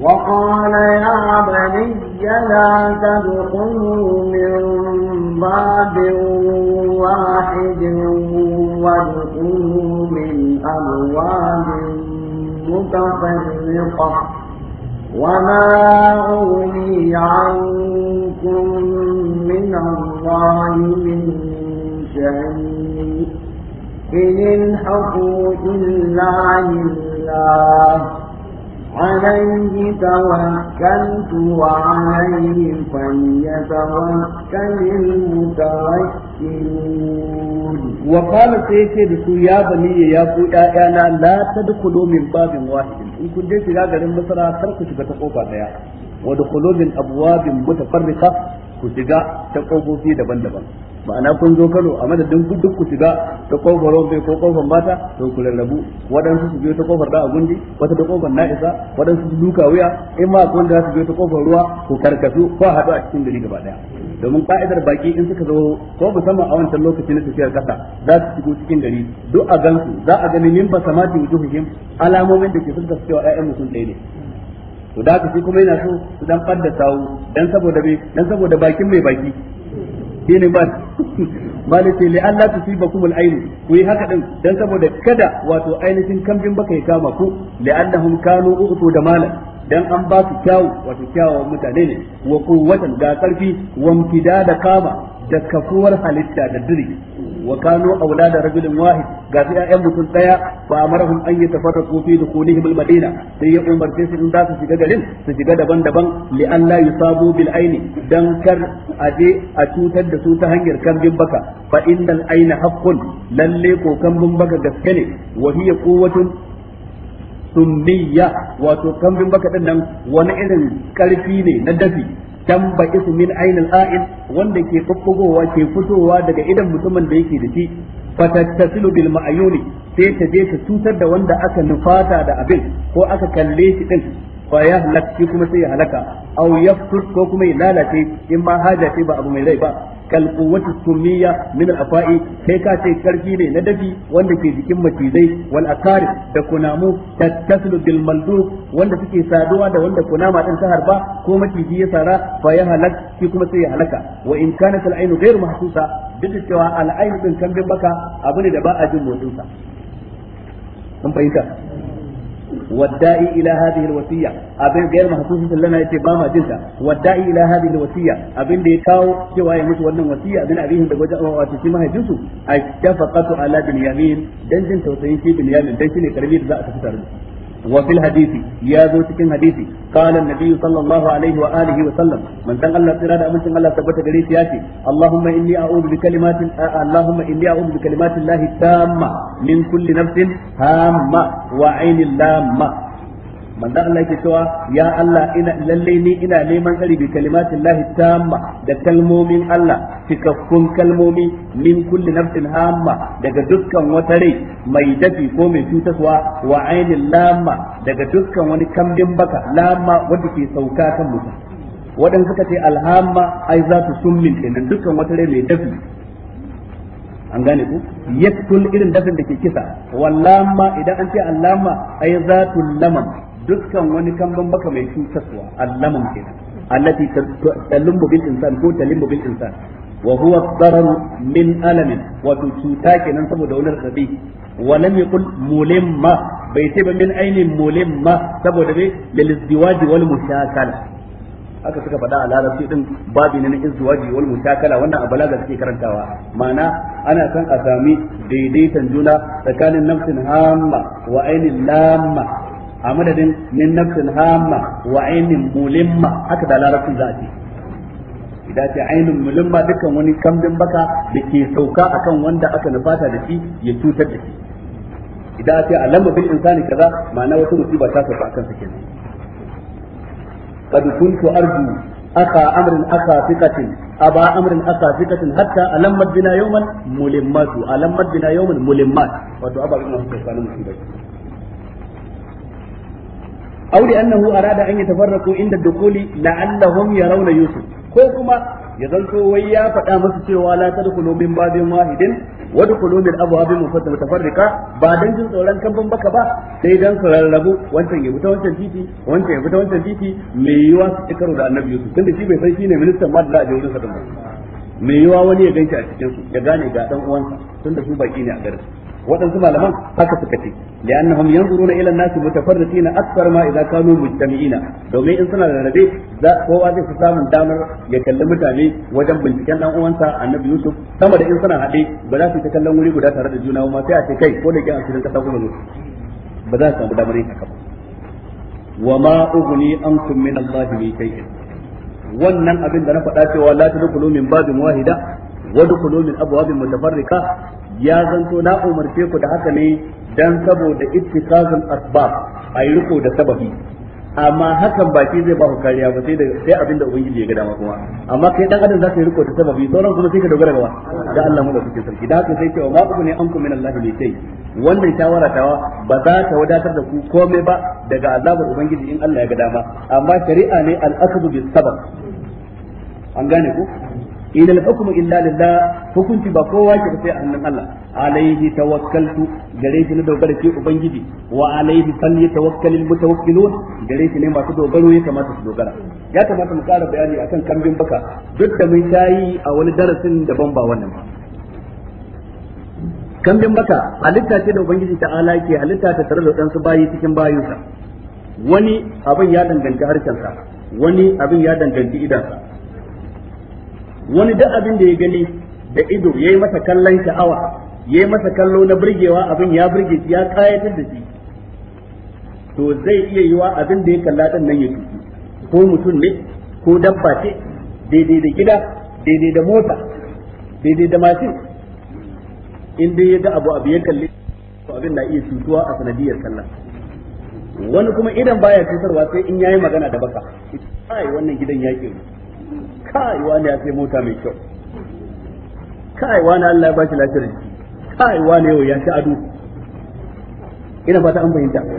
وقال يا بني لا تدخلوا من باب واحد وادخلوا من أبواب متفرقة وما أغني عنكم من الله من شيء إن الحكم إلا لله عليه توكلت وعليه فليتوكل المتوكلون وقال سيكي بسو يا بني يا بو يا انا لا تدخلوا من باب واحد ان كنت شغا غارين مصر كركو شغا تقوبا ديا ودخلوا من ابواب متفرقة ku shiga ta ƙofofi دبن daban ma'ana kun zo Kano a madadin duk ku shiga ta kofar Rombe ko kofar mata to ku rarrabu waɗansu su biyo ta kofar da gundi wata ta kofar Na'isa waɗansu su duka wuya in ma kun da su biyo ta kofar ruwa ku karkasu ko haɗu a cikin gari gaba daya domin ka'idar baki in suka zo ko musamman a wancan lokaci na tafiyar kasa za su shigo cikin gari duk a gansu za a gani min ba samati wujuhihim alamomin da ke fuskar cewa ƴaƴan mutum ɗaya ne to da haka shi kuma yana so su dan fadda sawu dan saboda bai dan saboda bakin mai baki shine ba [LAUGHS] ba malike li Allah tusibakum al ku yi haka din dan saboda kada wato ainihin kambin baka ya kama ku li annahum kanu uqtu da malan dan an ba su kyawu wato kyawawan mutane ne wa quwwatan da karfi wa mkidada kama da kafuwar halitta da diri wa kanu aulada rajulin wahid ga sai ayyan mutum daya fa amarahum an da fi dukhulihim almadina sai ya umarce su in za su shiga garin su shiga daban-daban li an la yusabu bil aini dan kar je a cutar da su ta hanyar kambin baka fa innal aina haqqun lalle ko kambin baka gaske ne wa hiya quwwatun summiya wato kambin baka din nan wani irin karfi ne na dafi tamba'isu min ainil a'il wanda ke kokkogowa ke fitowa daga idan mutumin da yake da shi fatattasilu bil ma'ayuni sai ta je ta cutar da wanda aka nufata da abin ko aka kalle shi din fa ya halaka kuma sai ya halaka aw yaftus ko kuma ya lalace in ma haja ce ba abu mai rai ba kal quwwati summiya min afa'i kai ka ce karfi ne na dafi wanda ke jikin macizai wal akari da kunamu tattasilu bil maldu wanda suke saduwa da wanda kunama din ta harba ko maciji ya sara fa ya halak shi kuma sai ya halaka wa in kana al ainu ghairu mahsusa duk da cewa al ainu din kambin baka abu ne da ba a jin motsinsa kun fahimta والداعي الى هذه الوصيه ابن غير محسوس لنا yace ba ma jinta والداعي الى هذه الوصيه abin da ya kawo cewa ya mutu wannan wasiya abin abin da wajen wato shi mahaifin su a shafaqatu ala bil yamin dan jin tausayin shi bil yamin shine karbi da za a tafi tare وفي الحديث يا ذو تكن حديثي قال النبي صلى الله عليه وآله وسلم من دل الله سرادة من دل الله ثبت قريت ياتي اللهم إني أعوذ بكلمات اللهم إني أعوذ بكلمات الله التامة من كل نفس هامة وعين لامة manzo Allah yake cewa ya Allah ina lalle ni ina neman tsari bi kalimatin lahi tamma da kalmomin Allah cikakkun kalmomi min kulli nafsin hamma daga dukkan wata rai mai dafi ko mai cutaswa wa ainin lamma daga dukkan wani kambin baka lamma wanda ke sauka kan mutum wadan suka ce alhamma ai za su summin kenan dukkan wata rai mai dafi an gane ku yaktul irin dafin da ke kisa wallama idan an ce allama ai za tu lamam dukkan wani kamban baka mai cutarwa allaman kenan allati talimbu bil insan ko talimbu bil insan wa huwa dararu min alamin wato cuta kenan saboda wani rabi wa lam yaqul mulimma bai sai min ainin mulimma saboda bai lil izdiwaj wal mushakala aka suka faɗa a larabci din babi ne na izdiwaji wal mushakala wannan a balaga suke karantawa ma'ana ana san a sami daidaitan juna tsakanin nafsin hamma wa ainin lamma a madadin min nafsin hamma wa ainin mulimma haka da larabcin za a ce idan ce ainin mulimma dukkan wani kambin baka da ke sauka akan wanda aka nufata da shi ya cutar da shi idan ce a lamba bil insani kaza ma'ana wata musiba ta sauka akan sa kenan qad kuntu arju aka amrin aka fiqatin aba amrin aka fiqatin hatta alammat bina yawman mulimmat alammat bina yawman mulimmat wato aba ina sauka musiba aw li annahu arada an yatafarraqu inda dukuli la'allahum yarawna yusuf ko kuma ya zanto wai ya faɗa musu cewa la tadkhulu babin wahidin wa dkhulu min abwabin mutafarriqa ba dan tsoron kan baka ba sai dan su rarrabu wancan ya fita wancan titi wancan ya fita wancan titi mai yiwa su karo da annabi yusuf tunda shi bai san shine ministan a ba mai yiwa wani ya ganci a cikin ya gane ga dan uwansa tunda su baki ne a garin waɗansu malaman haka suka ce li'annahum yanzuruna ila an-nas mutafarriqina akthar ma idza kanu mujtami'ina domin in suna da rabe za kowa zai fi samun damar ya kalli mutane wajen binciken dan uwansa annabi yusuf sama da in suna haɗe ba za su ta kallon wuri guda tare da juna ma sai a ce kai ko da ke asirin kasa kuma zo ba za su samu damar yin haka ba wa ma ughni ankum min allahi min shay'in wannan abin da na faɗa cewa la tadkhulu min babin wahida wadkhulu min abwabin mutafarriqa ya zanto na umarce ku da haka ne dan saboda ittikazul asbab ayi riko da sababi amma hakan ba shi zai ba ku kariya ba sai da sai abinda ubangiji ya ga dama kuma amma kai dan adam zaka yi riko da sababi sauran kuma sai ka dogara ga da Allah mu da kuke sarki da haka sai ce ma ku ne an ku min Allah ne sai wannan shawara tawa ba za ta wadatar da ku komai ba daga azabar ubangiji in Allah ya ga dama amma shari'a ne al-akhdhu bis sabab an gane ku إن الحكم إلا لله فكنت بقوة كتفي أن الله عليه توكلت جريت ندوغر في أبنجدي وعليه فليتوكل المتوكلون جريت نما تدوغروا كما تدوغر يا كما تمكار بياني أكن كم بين بكا من شاي أو لدرس دبنبا ونما كم بين حلتا halitta ce تعالى كي حلتا تترلو halitta ta tare بايوسا وني أبن يادن bayinsa wani وني أبن يادن جنجي إدارسا wani duk abin da ya gani da ido ya yi masa kallon sha'awa ya yi masa kallo na burgewa abin ya burge shi ya kayatar da shi to zai iya yi wa abin da ya kalla din nan ya tuki ko mutum ne ko dabba ce daidai da gida daidai da mota daidai da mashin in dai ya ga abu abu ya kalli, to abin na iya cutuwa a sanadiyar kallon wani kuma idan baya cutarwa sai in yayi magana da baka ai wannan gidan ya ke kai wani ya sai mota mai kyau kai wani Allah ya ba shi lafiyar jiki kai wani yau ya ci ado ina fata an bayyana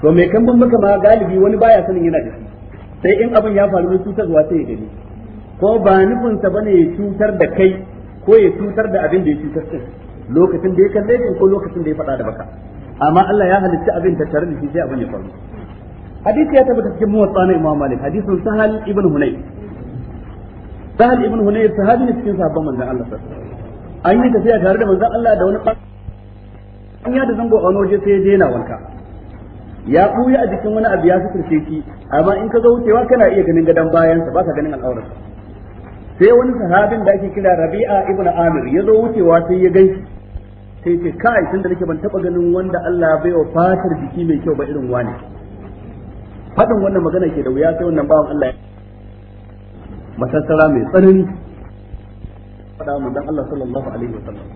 to me kan ban maka ma galibi wani baya sanin yana da shi sai in abin ya faru mai cutarwa sai ya gani ko ba nufin sa bane ya cutar da kai ko ya cutar da abin da ya cutar din lokacin da ya kalle ka ko lokacin da ya faɗa da baka amma Allah ya halitta abin da tare da shi sai abin ya faru hadisi ya tabbata cikin muwatta na Imam Malik hadisin Sahal ibn Hunay sahal ibn hunayr sahabi ne cikin sahabban manzon Allah sallallahu alaihi an yi tafiya tare da manzon Allah da wani an ya da zango a wani waje sai ya je yana wanka ya buya a jikin wani abu ya suturce shi amma in ka zo wucewa kana iya ganin gadan bayansa ba ka ganin al'aurarsa sai wani sahabin da ake kira Rabi'a ibn Amir ya zo wucewa sai ya ganshi sai ce kai tunda nake ban taba ganin wanda Allah bai wa fatar jiki mai kyau ba irin wani fadin wannan magana ke da wuya sai wannan bawan Allah ya matattara mai tsanani faɗa manzon Allah sallallahu alaihi wasallam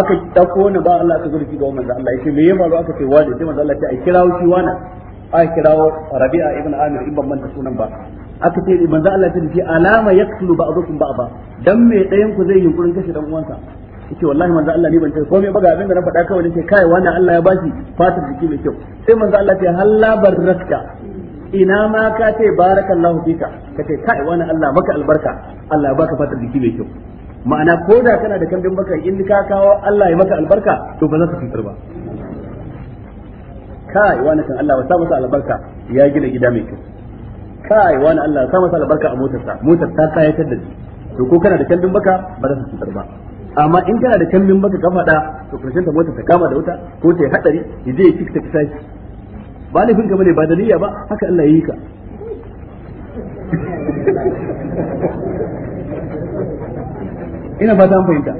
aka dauko wannan ba Allah aka zurfi ga manzon Allah yace me ya faru aka ce wani sai manzon Allah ya ce a kirawo shi wani a kirawo Rabi'a ibn Amir ibn manta sunan ba aka ce manzon Allah ya ce alama yaqtulu ba'dukum ba'da dan me dayan ku zai yunkurin kashe dan uwansa yace wallahi manzo Allah ne ban tafi komai ba ga abin da na faɗa kawai nace kai wani Allah ya bashi fatar jiki mai kyau sai manzo Allah ya halla barraka ina ma ka ce barakallahu fika ka ce kai wani Allah maka albarka Allah ya baka fatar jiki mai kyau ma'ana ko da kana da kambin baka in ka kawo Allah ya maka albarka to ba za ka fitar ba kai wani kan Allah ya sa masa albarka ya gina gida mai kyau kai wani Allah ya sa masa albarka a motar motarsa motar ta kayatar da shi to ko kana da kambin baka ba za ka fitar ba amma in kana da kambin baka ka faɗa to karshen ta motar ta kama da wuta ko ta yi hadari ya je ya kika ta kasa ba laifin ka bane ba da niyya ba haka Allah ya yi ka ina fata an fahimta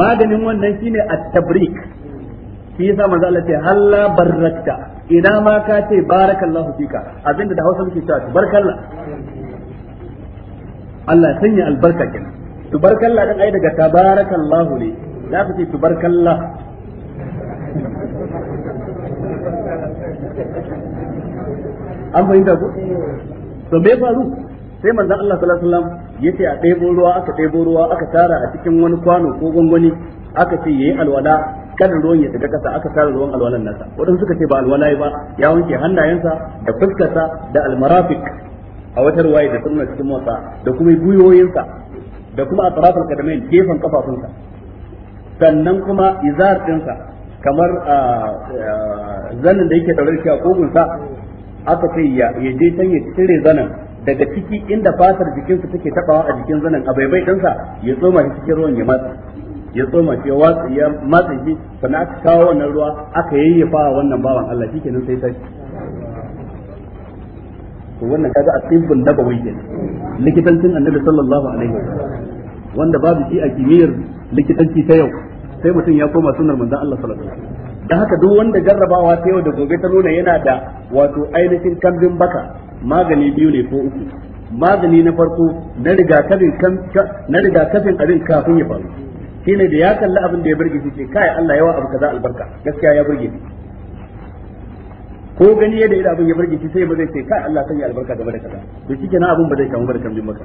maganin wannan shine at-tabrik shi yasa manzo Allah ce Allah barakta ina ma ka ce barakallahu fika abinda da Hausa muke cewa barkallah Allah sanya albarka kenan tubarkallah dan ai daga tabarakallahu ne za ka ce tubarkallah an fahimta ko to me faru sai manzo Allah sallallahu alaihi wasallam yace a ɗebo ruwa aka ɗebo ruwa aka tara a cikin wani kwano ko gwangwani aka ce yayi alwala kada ruwan ya daga kasa aka tara ruwan alwalan nasa wadanda suka ce ba alwala ba ya wanke hannayensa da fuskarsa da almarafik a wata ruwaya da sunna cikin motsa da kuma guyoyinsa da kuma atrafal kadamain gefen kafafunsa sannan kuma izar dinsa kamar ah, ah, zanin da yake daure shi a kogunsa aka ce ya je can ya cire zanan daga ciki inda fatar jikinsa take tabawa a jikin zanan a baibai dinsa ya tsoma shi cikin ruwan ya matsa ya tsoma shi ya watsa ya matsa shi sannan aka kawo wannan ruwa aka yayyafa wannan bawan Allah shikenan sai sai to wannan kaga a tibbun nabawi kenan likitancin annabi sallallahu alaihi wasallam wanda babu shi a kimiyyar likitanci ta yau sai mutum ya koma sunnar manzon Allah sallallahu alaihi wasallam dan haka duk wanda jarrabawa ta yau da gobe ta nuna yana da wato ainihin kambin baka magani biyu ne ko uku magani na farko na rigakafin na rigakafin abin kafin ya faru shine da ya kalli abin da ya burge shi ce kai Allah yawa abu kaza albarka gaskiya ya burge shi ko gani yadda abin ya burge shi sai ba zai ce kai Allah sanya albarka game da kaza to shikenan abin ba zai kamu ba da kambin baka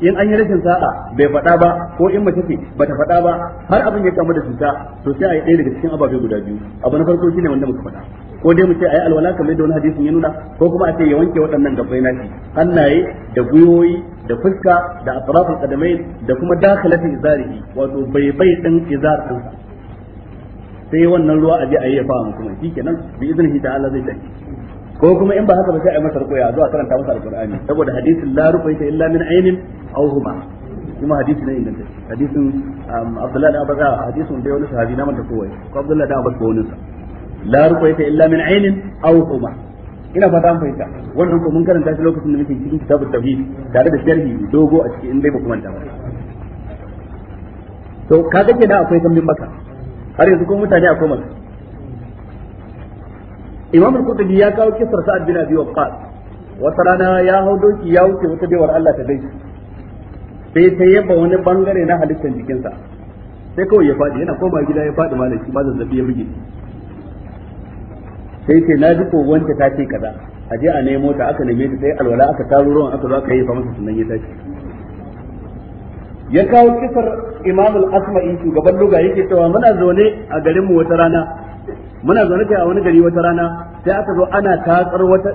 in an yi rashin sa'a bai faɗa ba ko in mace ce bata faɗa ba har abin ya kamu da cuta to sai a yi ɗaya daga cikin ababe guda biyu abu na farko shine wanda muka faɗa ko dai mu ce yi alwala kamar da wani hadisin ya nuna ko kuma a ce ya wanke waɗannan gabbai nashi hannaye da gwiwoyi da fuska da atrafin kadamai da kuma dakhalatin izarihi wato bai bai din izar din sai wannan ruwa a je a yi ya fa mutum shikenan bi iznihi ta'ala zai tafi ko kuma in ba haka ba sai a masa rukuya zuwa karanta masa alqur'ani saboda hadisin la ruqya illa min ainin aw huma kuma hadisi ne inganta hadisin um, Abdullahi da abaza ah, hadisin da wani sahabi na manta kowai ko Abdullahi da abaza ko wani sa la ruqya illa min ainin aw huma ina fata an fahimta wannan ko mun karanta shi lokacin da muke cikin kitabut tauhid tare da sharhi dogo a cikin in dai ba kuma ta ba to kaga kenan akwai kambin baka har yanzu ko mutane akwai maka imam al qutubi ya kawo kisar sa'ad bin abi waqqas wata rana ya hau doki ya wuce wata baiwar Allah ta gaishe sai ta yaba wani bangare na halittar jikinsa sai kawai ya faɗi yana koma gida ya faɗi malam shi ba zazzabi ya buge sai ce na ji ko wanda ta ce kaza a je a nemo ta aka neme ta sai alwala aka taro ruwan aka zo aka yi fa masa sunan ya tashi ya kawo kisar imam al-asma'i shugaban luga yake cewa muna zaune a garin mu wata rana muna zaune kai a wani gari wata rana sai aka zo ana tatsar wata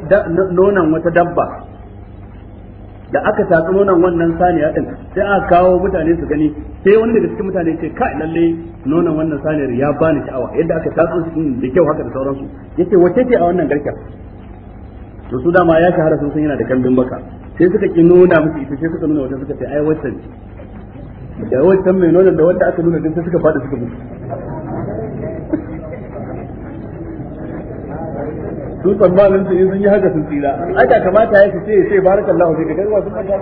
nonan wata dabba da aka tatsi nonan wannan saniya din sai aka kawo mutane su gani sai wani daga cikin mutane ce kai lalle nonan wannan saniyar ya bani sha'awa yadda aka tatsi su da kyau haka da sauransu yace wace ce a wannan garken to su dama ya shahara sun san yana da kambin baka sai suka ki nuna musu ita sai suka nuna wata suka ce ai wacce da wacce mai nonan da wanda aka nuna din sai suka fada suka mutu su tsammanin su sun yi haka sun tsira aka kamata ya ce sai barakallahu sai kaga wasu mata to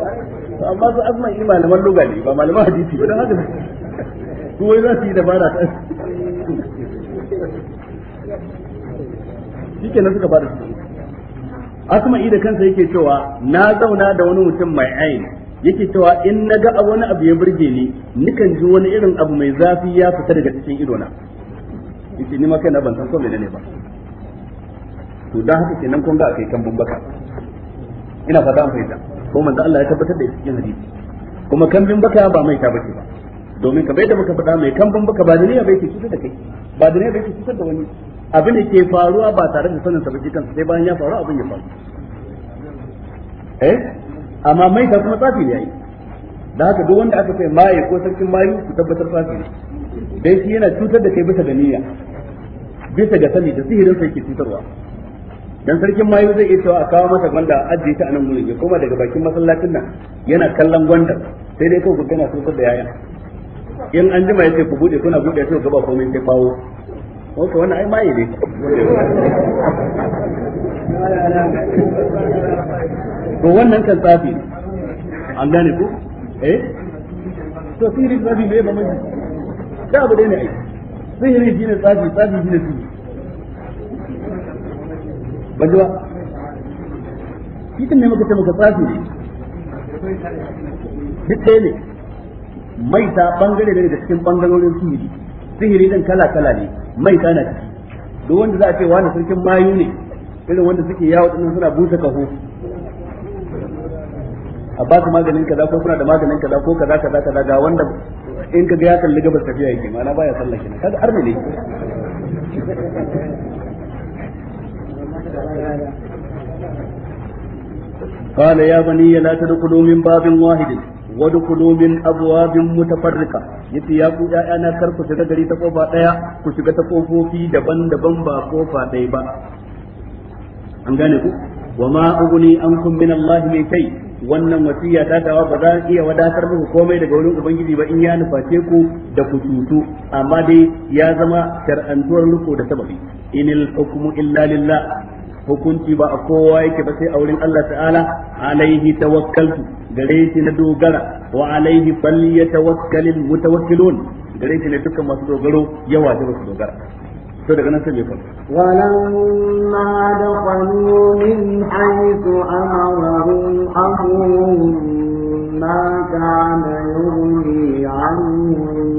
amma su azma yi malaman lugha ne ba malaman hadisi ba dan haka su wai za su yi dabara ta nan suka fara asma'i da kansa yake cewa na zauna da wani mutum mai aini yake cewa in na ga wani abu ya burge ni nikan ji wani irin abu mai zafi ya fita daga cikin idona yake ni ma na ban san ko menene ba to dan haka kenan kun ga akai kan baka ina fata an fahimta ko manzo Allah ya tabbatar da cikin hadisi kuma kambin baka ba mai ta bace ba domin ka bai da muka fada mai kan baka ba duniya bai ke cutar da kai ba duniya bai ke cutar da wani abin da ke faruwa ba tare da sanin sabaki kansa sai bayan ya faru abin ya faru eh amma mai ta kuma tsafi ne yayi da haka duk wanda aka ce maye ko sarkin mayu ku tabbatar tsafi ne dai shi yana cutar da kai bisa ga niyya bisa ga sani da sihirin sai ke cutarwa dan sarkin mayu zai iya cewa a kawo masa gwanda a ajiye ta anan gurin ya koma daga bakin masallacin nan yana kallon gwanda sai dai kawai gudana sun da yayan in an jima ya ce ku bude kuna bude sai gaba komai sai kawo ok wannan ai maye ne to wannan kan tsafi an gane ku eh to sirri tsafi ne ba mai da abu dai ne ai sihiri shine tsafi tsafi shine sirri ba ji ba kitin ne muka ce muka tsafi ne duk ɗaya ne ta bangare ne daga cikin bangarorin sihiri sihiri din kala kala ne ta na ciki duk wanda za a ce wani sarkin mayu ne irin wanda suke yawo dinnan suna busa kaho a ba su maganin kaza ko kuna da maganin kaza ko kaza kaza kaza ga wanda in ka ga ya kalli gabas tafiya yake ma'ana baya sallah kenan kaga arme ne قال يا بني لا تدخلوا من باب واحد ودخلوا من ابواب متفرقه يتي يا ku ƴaƴana kar ku shiga gari ta kofa ɗaya ku shiga ta kofofi daban-daban ba kofa ɗaya ba an gane ku wa ma uguni ankum min Allah wannan wasiya ta dawa ba za a iya wadatar muku komai daga wurin ubangiji ba in ya nuface ku da ku tutu amma dai ya zama shar'antuwar luko da sababi inil hukmu illa lillah hukunci ba a kowa yake ba sai a wurin Allah ta'ala alaihi tawakkaltu gare shi na dogara wa alaihi falyatawakkalul mutawakkilun gare shi ne dukkan masu dogaro yawa da su dogara to daga nan sai ya fara walamma dakhalu min haythu amarahum amrun ma kana yughni anhum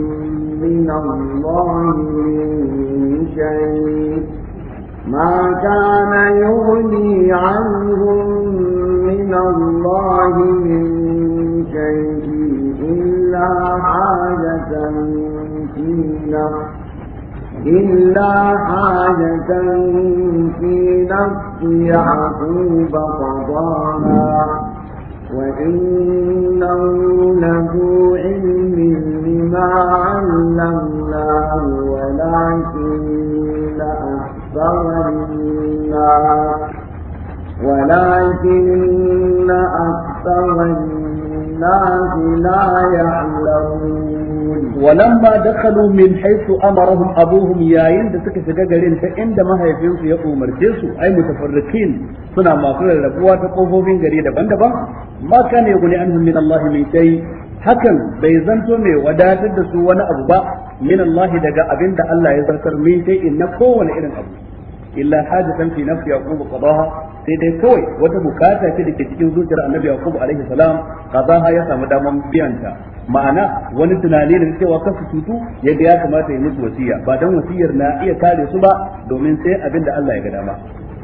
min Allah min shay'in ما كان يغني عنهم من الله من شيء إلا حاجة في نفس إلا حاجة في نفس يعقوب قضاها وإنه له علم لما علمناه ولكن أكثر الناس ولكن أكثر الناس لا يعلمون ولما دخلوا من حيث أمرهم أبوهم يا يند سكت جاجرين فعندما هيفيوس يقوم مرجسو أي متفرقين سنا ما قرر الأبوات قفوفين جريدة بندبا ما كان يغني عنهم من الله من شيء hakan bai zanto mai wadatar da su wani abu ba min Allah daga abin da Allah ya zartar min sai inna kowane irin abu illa hajatan fi nafsi yaqub qadaha sai dai kawai wata bukata ce da ke cikin zuciyar annabi yaqub alaihi salam ya samu daman biyanta ma'ana wani tunani da cewa kansu cutu ya yadda ya kamata ya mutu wasiya ba dan wasiyar na iya tare su ba domin sai abin da Allah ya ga dama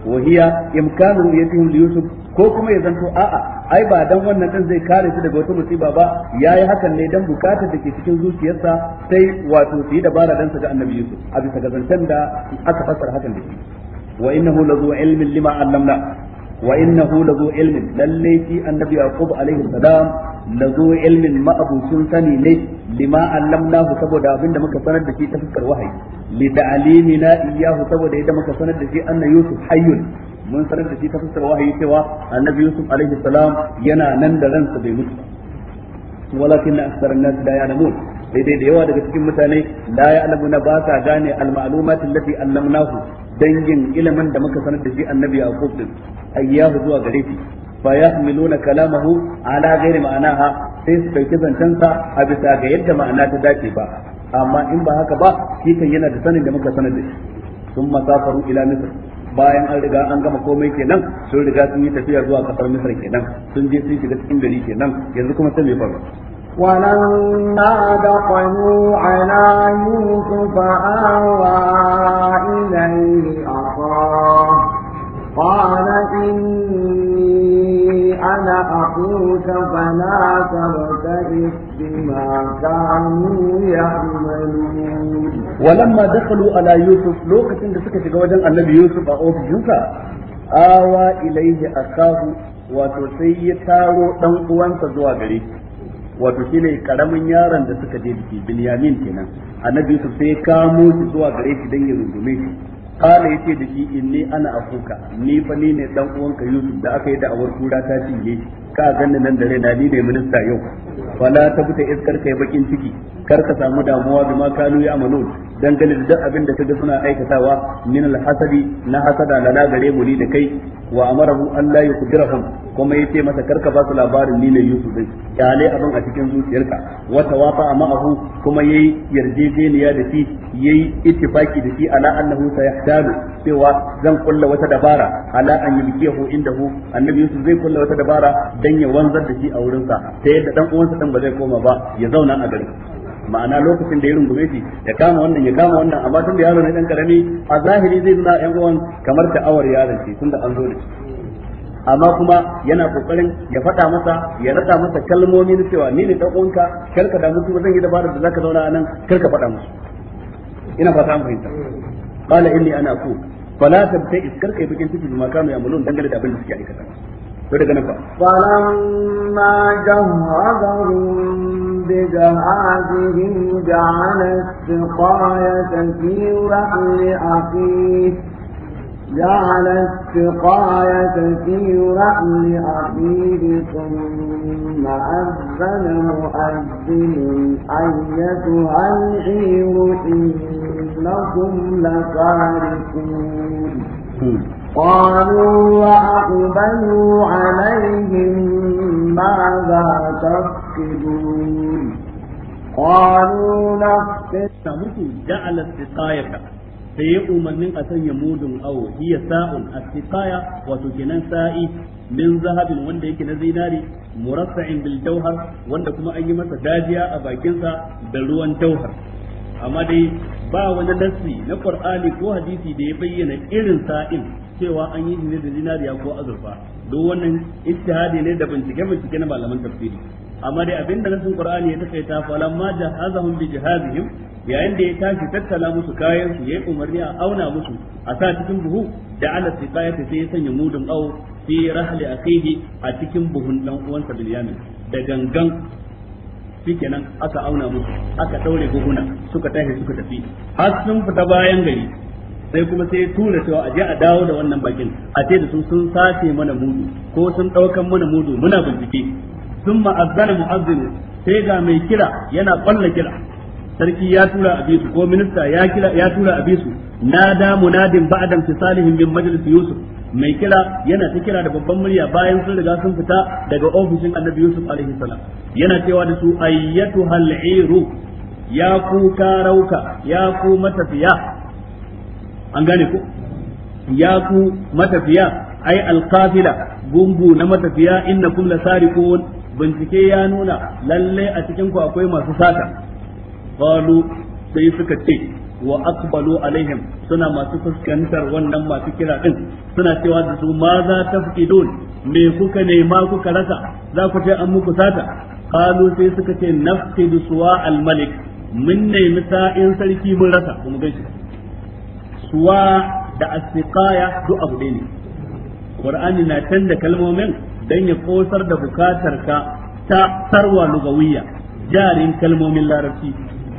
wa hiya imkanu yatihim yusuf ko kuma ya zanto a'a ai ba dan wannan din zai kare su daga wata musiba ba yayi hakan ne dan bukatar da ke cikin zuciyarsa sai wato su yi dabara dan su ga annabi yusuf a bisa ga zancen da aka fassara hakan da shi wa innahu lazu ilmin lima allamna wa innahu lazu ilmin lalle shi annabi yaqub alaihi salam lazu ilmin ma'abucin sani ne lima allamnahu saboda abinda muka sanar da shi ta fuskar wahayi li iyyahu saboda yadda muka sanar da shi anna yusuf hayyun mun sanar da shi ta fuskar wahayi cewa annabi yusuf alaihi yana nan da ransa bai mutu walakin aktharun nas la ya'lamun daidai da yawa daga cikin mutane la ya'lamuna ba sa gane al-ma'lumat allati allamnahu dangin ilimin da muka sanar da shi annabi a din ayyahu zuwa gare shi fa yahmiluna kalamahu ala ghairi ma'anaha sai su dauki zancen sa a bisa ga yadda ma'ana ta dace ba amma in ba haka ba shi kan yana da sanin da muka sanar da shi sun masafaru ila Misir bayan an riga an gama komai kenan sun riga sun yi tafiya zuwa kasar Misir kenan sun je sun shiga cikin gari kenan yanzu kuma sai mai faru ولما دخلوا على يوسف آوى إليه أخاه قال إني أنا أخوك فلا تبتئس بما كانوا يعملون ولما دخلوا على يوسف لوكة سكت جوجا النبي يوسف أو يوسف آوى إليه أخاه وتسيطر أنقوانت زواجري wato shine karamin yaron da suka je biki binyamin kenan annabi yusuf sai ya kamo shi zuwa gare shi dan ya rungume shi kala yace da shi inni ana afuka ni fa ni ne dan uwanka Yusuf da aka yi da awar kura ta cinye ka ganni nan da na ni ne minista yau wala ta fita iskar kai bakin ciki kar ka samu damuwa bima kanu ya dan dangane da duk abin da kaga suna aikatawa min hasadi na hasada na na gare mu ni da kai wa amarahu Allah ya kudirahum kuma yace masa kar ka ba su labarin ni ne Yusuf din kyale abin a cikin zuciyarka wa tawafa ma'ahu kuma yayi yarjejeniya da shi yayi ittifaki da shi ala annahu sayah Dana cewa zan kulla wata dabara ala an yi inda hu annabi Yusuf zai kulla wata dabara dan ya wanzar da shi a wurinsa ta yadda dan uwansa dan ba zai koma ba ya zauna a gari ma'ana lokacin da ya rungume shi ya kama wannan ya kama wannan amma tun da yaro ne dan karami a zahiri zai nuna yan uwan kamar ta awar yaron shi tunda an zo da shi amma kuma yana kokarin ya fada masa ya rasa masa kalmomi na cewa ni ne dan uwanka karka da mutum zan yi dabara da zaka zauna a nan karka faɗa musu ina fata an fahimta qala inni ana su fala tabtai iskar kai bakin ciki bima kanu ya'malun dangane da abin da suke aikata to daga nan ba falamma jahadahum بجهازهم جعل السقاية في رحل أخيه جعل السقاية في رحل أخيه ثم أذن مؤذن أيتها العير إنكم لتاركون قالوا وأقبلوا عليهم ماذا تفقدون قالوا نفقد جعل السقاية sai ya umarnin a sanya mudun awo hiya sa'un as-siqaya wato kenan sa'i min zahabin wanda yake na zinari murassa'in bil jawhar wanda kuma an yi masa dajiya a bakinsa da ruwan jawhar amma dai ba wani nassi na qur'ani ko hadisi da ya bayyana irin sa'in cewa an yi ne da zinariya ko azurfa duk wannan ijtihadi ne da bincike bincike na malaman tafsiri amma dai abin da nasin qur'ani ya takaita falamma jahazahum bi jihadihim yayin da ya tashi tattala musu kayan su yayi umarni a auna musu a sa cikin buhu da ala sibayati sai ya sanya mudun au fi rahli akhihi a cikin buhun dan uwansa Bilyamin da gangan shikenan aka auna musu aka daure buhuna suka tashi suka tafi har sun fita bayan gari sai kuma sai tura cewa aje a dawo da wannan bakin a ce da su sun sace mana mudu ko sun daukan mana mudu muna bincike thumma azzana mu'azzin sai ga mai kira yana kwalla kira sarki ya tura a bisu ko minista ya kira ya tura a bisu nada munadin ba'da tisalihin min majlis yusuf mai kira yana ta kira da babban murya bayan sun riga sun fita daga ofishin annabi yusuf alaihi salam yana cewa da su ayyatu hal'iru ya ku karauka ya ku matafiya an gane ku ya ku matafiya ai alqafila gungu na matafiya innakum lasarikun bincike ya nuna lalle a cikin ku akwai masu sata qalu sai suka ce wa aqbalu alaihim suna masu fuskantar wannan masu kira din suna cewa da su ma za don me kuka ne, ma kuka rasa za ku ce an muku sata qalu sai suka ce nafqidu suwa al-malik mun ne sa'in sarki mun rasa kuma gaishe suwa da asiqaya duk abu ne qur'ani na tanda kalmomin dan ya kosar da bukatarka ta sarwa lugawiyya jarin kalmomin larabci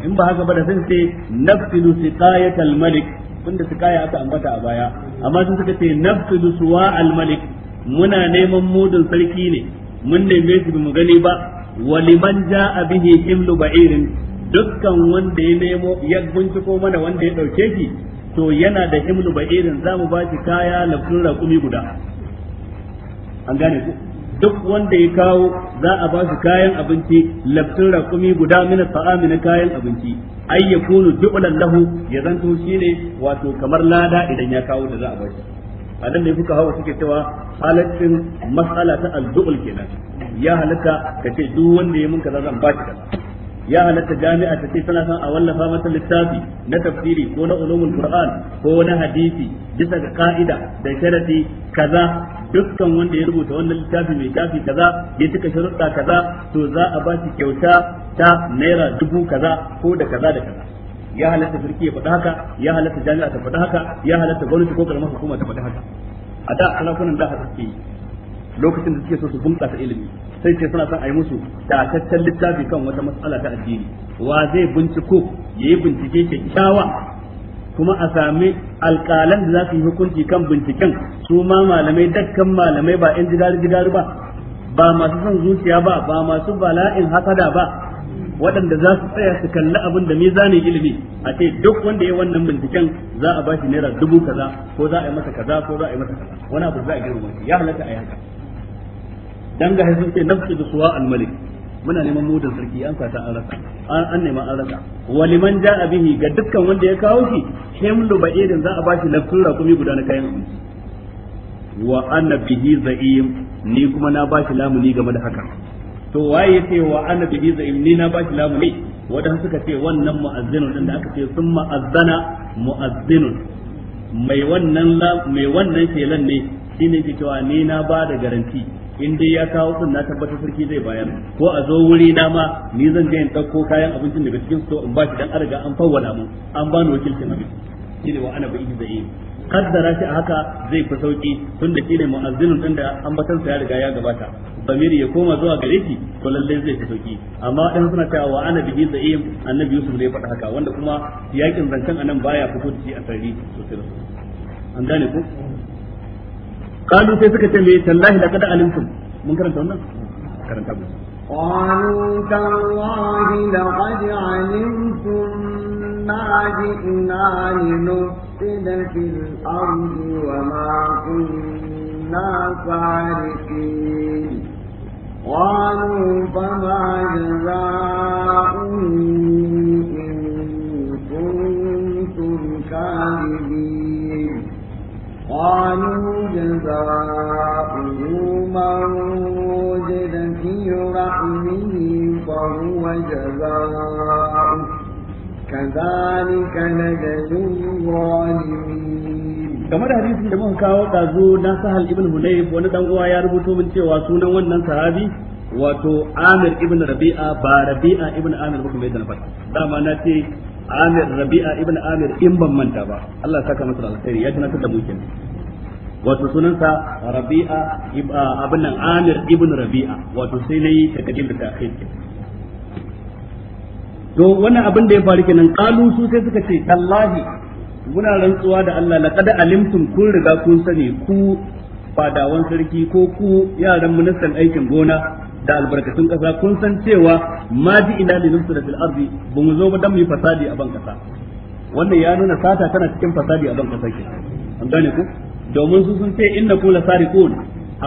in ba haka ba da sun ce nafsilu siqayatal malik tunda siqaya aka ambata a baya amma sun suka ce nafsilu suwa al muna neman mudun sarki ne mun neme shi mu gani ba waliman ja'a bihi himlu ba'irin dukkan wanda ya nemo ya ko mana wanda ya dauke shi to yana da himlu ba'irin zamu ba shi kaya lafin raƙumi guda an gane ku duk wanda ya kawo za a ba shi kayan abinci laftin rakumi guda mina sa'a mina kayan abinci ai ya kunu lahu ya zanto shi ne wato kamar lada idan ya kawo da za a ba shi anan ne fuka hawa suke cewa halaccin mas'ala ta al dubul kenan ya halaka kace duk wanda ya mun kaza zan ba shi kaza ya halatta jami'a ta ce tana son a wallafa masa littafi na tafsiri ko na ulumul qur'an ko na hadisi bisa ga ka'ida da sharadi kaza dukkan wanda ya rubuta wannan littafi mai tafi kaza ya cika sharuɗa kaza to za a ba shi kyauta ta naira dubu kaza ko da kaza da kaza ya halatta sarki ya faɗa haka ya halatta jami'a ta faɗa haka ya halatta gwamnati ko karamar hukuma ta faɗa haka a da sarakunan da haka suke yi lokacin da suke so su bunƙasa ilimi sai ce suna son a yi musu tataccen littafi kan wata matsala ta addini wa zai binciko ya yi bincike kyakkyawa kuma a sami alƙalan da za su yi hukunci kan binciken su ma malamai dakkan malamai ba 'yan jigari-jigari ba ba masu son zuciya ba ba masu bala'in hasada ba waɗanda za su tsaya su kalli abin da mizanin ilimi a ce duk wanda ya wannan binciken za a bashi naira dubu kaza ko za a yi masa kaza ko za a yi masa kaza wani abu za a girma ya halatta a yanka dan ga sun ce nafsi da suwa al-malik muna neman mudan sarki an sata an rasa an neman an rasa waliman ja'a bihi ga dukkan wanda ya kawo shi himlu ba'idin za a bashi lafsun rakumi guda na kayan abinci wa ana bihi za'im ni kuma na bashi lamuni game da haka to waye yace wa ana bihi za'im ni na bashi lamuni wadan suka ce wannan mu'azzinun din da aka ce sun ma'azzana mu'azzinun mai wannan mai wannan shelan ne shine ke cewa ni na ba da garanti in dai ya kawo sun na tabbatar sarki zai bayar ko a zo wuri na ma ni zan je in dauko kayan abincin daga cikin so in ba shi dan arga an fawwala mu an ba ni wakilcin abinci shine wa ana bi zai kaddara shi a haka zai fi sauki da shine mu'azzinin din da sa ya riga ya gabata bamiri ya koma zuwa gare shi to lalle zai fi sauki amma dan suna cewa wa ana bihi za'im annabi Yusuf ne ya faɗa haka wanda kuma yakin zancan anan baya fito da shi a sarri sosai an gane ko qalu sai suka ce me tallahi laqad alimtum mun karanta wannan karanta mu قالوا تالله لقد علمتم ما جئنا لنفسد في الأرض وما كنا سارقين قالوا فما جزاؤه إن كنتم كاذبين قالوا جزاؤه من وجد في رحمه فهو جزاؤه كذلك نجزي الظالمين game da hadisin da muka kawo ɗazu na sahal ibn hunayf wani dan uwa ya rubuto min cewa sunan wannan sahabi wato amir ibn rabi'a ba rabi'a ibn amir ba kuma yadda na fata dama na ce Amir Rabi'a ibn Amir in ban manta ba Allah saka masa alkhairi ya tunatar da mu kenan wato sunansa Rabi'a ah, abin nan Amir ibn Rabi'a wato sai nayi takaddim da ta'khir to wannan abin da ya faru kenan kalu su sai suka ce tallahi muna rantsuwa da Allah laqad alimtum kun riga kun sani ku fadawan sarki ko ku yaran ministan aikin gona da albarkatun kasa kun san cewa ma ji ina li nusra fil ardi ba mu zo ba don mu yi fasadi a ban kasa wannan ya nuna sata tana cikin fasadi a ban kasa ke an gane ku domin su sun ce inna kula sariqun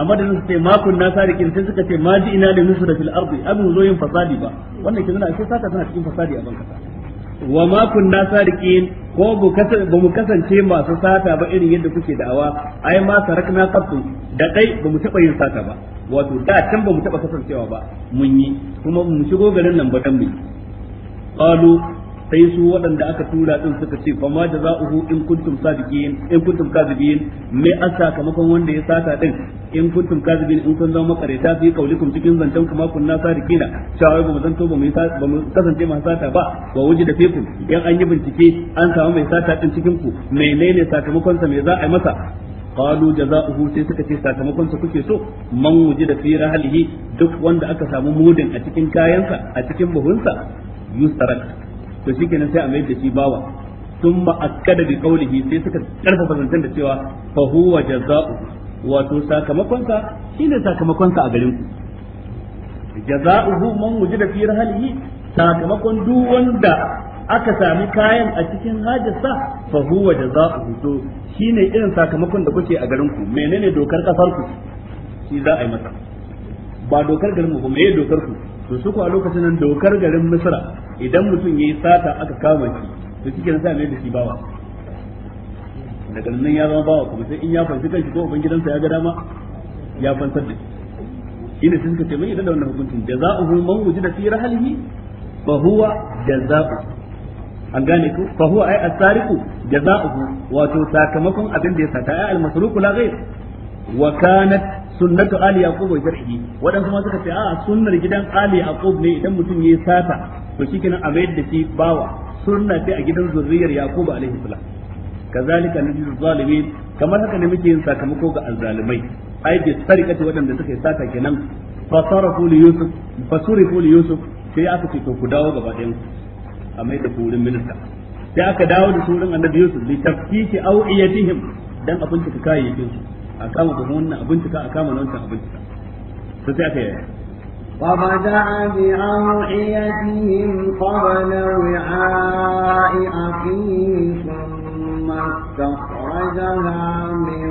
amma da su ce ma kunna sariqin sai suka ce ma ji ina li nusra fil ardi abin zo yin fasadi ba wannan ke nuna ashe sata tana cikin fasadi a ban kasa wa ma kunna sariqin ko ba mu kasance masu sata ba irin yadda kuke da'awa ai ma sarakna qattu da dai ba mu taba yin sata ba wato da can ba mu taba kasancewa ba mun yi kuma mu shigo garin nan ba dan mu qalu sai su waɗanda aka tura din suka ce fa ma jaza'uhu in kuntum sadiqin in kuntum kadibin me asa kamakon wanda ya sata din in kuntum kadibin in kun zama makareta fi kaulikum cikin zantan kuma kunna sadiqina cewa ba mu zanto ba mu ba mu kasance ma sata ba wa wuji da fikum idan an yi bincike an samu mai sata din cikin ku menene sakamakon sa me za a yi masa qalu jazaohu sai suka ce sakamakon sa kuke so man wuji da fira halihi duk wanda aka samu mudin a cikin kayansa a cikin buhunsa yusarak to shikenan sai a mai da shi bawa sun ma'akkada bi kaulihi sai suka karfafa zantan da cewa fa huwa jazaohu wato sakamakon sa shine sakamakon sa a garin ku jazaohu man wuji da fira halihi sakamakon duk wanda aka sami kayan a cikin hajjarsa fa huwa jazaohu shi shine irin sakamakon da kuke a garinku. menene dokar ƙasarku? shi za a yi masa ba dokar garin mu ba meye dokar ku to su ku a lokacin nan dokar garin Misra idan mutum yayi sata aka kama shi to cikin sa mai da shi bawa daga nan ya zama bawa kuma sai in ya fanci kanshi ko gidansa ya ga dama ya fansar da shi ina sai suka ce mai idan da wannan hukuncin jaza'uhu man wujida fi rahlihi fa huwa jaza'u an gane ku fa huwa ay asariku sariqu wato sakamakon abin da ya sata ay al-masruqu la ghayr wa kanat sunnatu ali yaqub wa jarhi wadan kuma suka ce a sunnar gidan ali yaqub ne idan mutum yayi sata to shikenan a mayar da shi bawa sunna ce a gidan zuriyar yaqub alaihi salam kazalika najzul zalimin kamar haka ne muke yin sakamako ga azzalimai ai bi sarikati wadanda suka yi sata kenan fa sarahu li yusuf fa sarahu li yusuf sai aka ce to ku dawo gaba ɗayan a mai da minista sai aka dawo da wurin annabi yusuf li tafkiki awiyatihim dan a bincika kayayyakin su a kama kuma wannan a a kama wannan a bincika sai sai aka yi فبدأ بأوعيتهم قبل وعاء أخيه ثم استخرجها من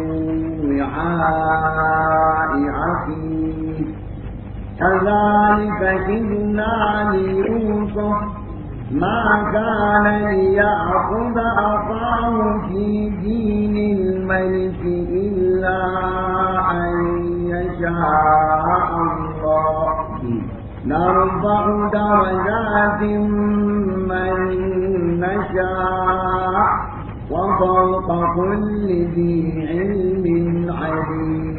وعاء أخيه كذلك كدنا ليوسف ما كان ليأخذ أخاه في دين الملك إلا أن يشاء الله نرفع درجات من نشاء وفوق كل ذي علم عليم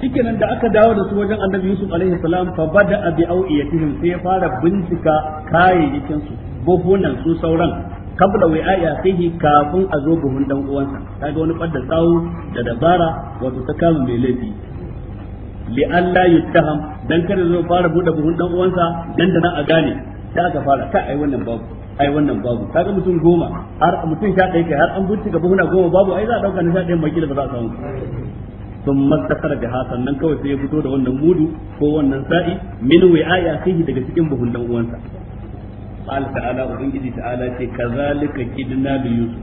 shikenan da aka dawo da su wajen annabi yusuf alaihi salam fa bada bi auiyatihim sai ya fara bincika kayayyakin su buhunan su sauran kabla wi'a ya fihi kafin a zo buhun dan uwansa kaga wani fadda tsawo da dabara wato ta kama mai laifi li Allah yutaham dan kada zo fara bude buhun dan uwansa dan da na a gane ta aka fara ta ai wannan babu ai wannan babu kaga mutum goma har mutum sha ɗaya kai har an bincika buhuna goma babu ai za a dauka na sha ɗaya maki da ba za a samu sun mastakar da hasan nan kawai sai ya fito da wannan mudu ko wannan sa'i min wi'a ya fihi daga cikin buhun dan uwansa ala ta'ala ubangiji ta'ala ce kazalika kidna bi yusuf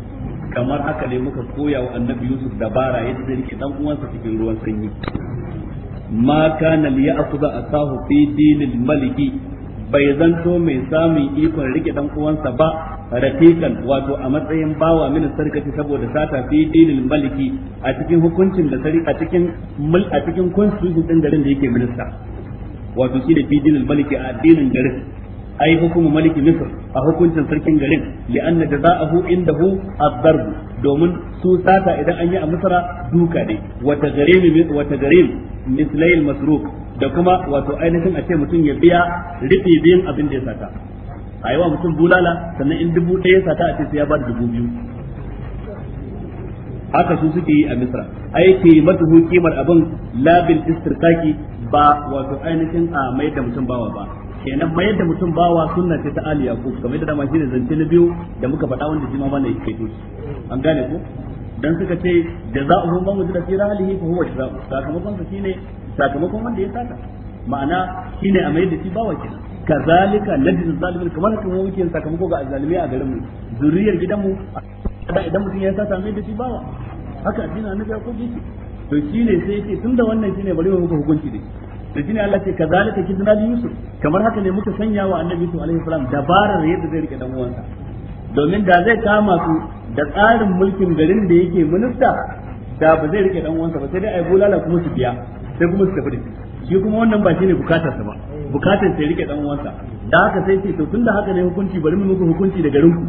kamar haka ne muka koya wa annabi yusuf dabara yadda zai rike dan uwansa cikin ruwan sanyi ma kana li ya'khudha asahu fi dinil maliki bai zanto mai samun ikon rike dan uwansa ba rafiqan wato a matsayin bawa min sarkati saboda sata fi dinil maliki a cikin hukuncin da a cikin mul garin da yake minista wato shi da fi maliki a addinin garin ai hukumu maliki misr a hukuncin sarkin garin li anna jaza'ahu indahu ad-darb domin su sata idan an yi a misra duka ne wa tagrim wa tagrim da kuma wato ainihin a ce mutum ya biya rufe biyan abin da ya sata a mutum bulala sannan in dubu ɗaya sata a ce sai ya ba da dubu biyu haka su suke yi a misra ai qimatuhu qimar abin labil istirqaqi ba wato ainihin a mai da mutum bawa ba kenan mayar da mutum bawa sunna ce ta Ali yakub kamar yadda dama shi ne zance na biyu da muka faɗa wanda shi ma mana yake to an gane ko dan suka ce da hukumar man da fi ralihi ko huwa jazaa'u sakamakon sa shine sakamakon wanda ya saka ma'ana shine a mayar da shi bawa kenan kazalika ladin zalimin kamar haka mu muke sakamako ga azalimi a garin mu zuriyar gidanmu idan mutum ya saka mai da shi bawa haka addinin annabi Yaqub yake to shine sai yake tunda wannan shine bari mu muka hukunci da shi to shine Allah ce kazalika kidna li yusuf kamar haka ne muka sanya wa annabi yusuf alaihi salam dabarar yadda zai rike dan uwansa domin da zai kama su da tsarin mulkin garin da yake minista da ba zai rike dan uwansa ba sai dai ai bulala kuma su biya sai kuma su tafi da shi kuma wannan ba shine sa ba bukatar sai rike dan uwansa da haka sai ce to tunda haka ne hukunci bari mu muku hukunci da garin ku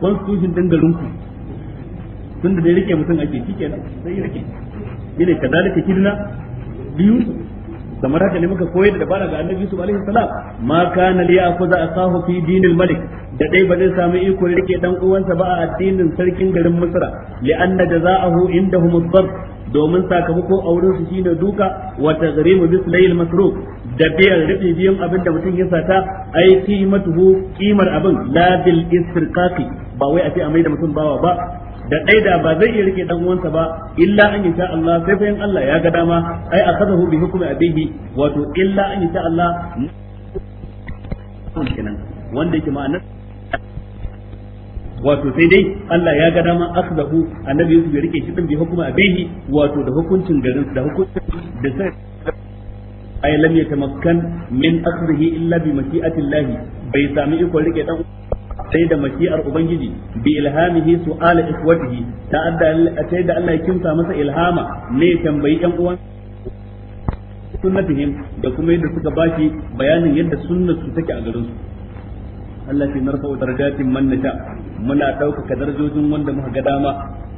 constitution din garin ku tunda dai rike mutum ake shikenan sai rike ne kadalika kidna li yusuf kamar haka ne muka koyar da dabara ga annabi yusuf alaihi salam ma kana li ya'khudha akahu fi dinil malik da dai ba zai samu iko rike dan uwansa ba a addinin sarkin garin misra li'anna jaza'ahu indahum ad-darb domin sakamako a wurin su shine duka wa taghrimu bislayil masruq da biyan rufe biyan abin da mutum ya sata ai qimatuhu qimar abin la bil istirqaqi ba wai a ce a mai da mutum bawa ba da ɗai da ba zai iya rike dan uwansa ba illa an yi Allah sai fa Allah ya ga dama ai akhadahu bi hukmi abihi wato illa an yi sha Allah kenan wanda yake ma'anar wato sai dai Allah ya ga dama akhadahu annabi Yusuf ya rike shi din bi hukmi abihi wato da hukuncin garin da hukuncin da sai ay lam yatamakkan min akhdihi illa bi mashi'ati Allah bai sami iko rike dan uwansa sai da mashi'ar ubangiji bi ilhamihi su'ala ikhwatihi ta adda sai da Allah ya kimsa masa ilhama ne tambayi ɗan uwan sunnatihim da kuma yadda suka bashi bayanin yadda sunnar su take a garin su Allah fi narfa darajatin man nasha muna ɗaukaka darajojin wanda muka ga dama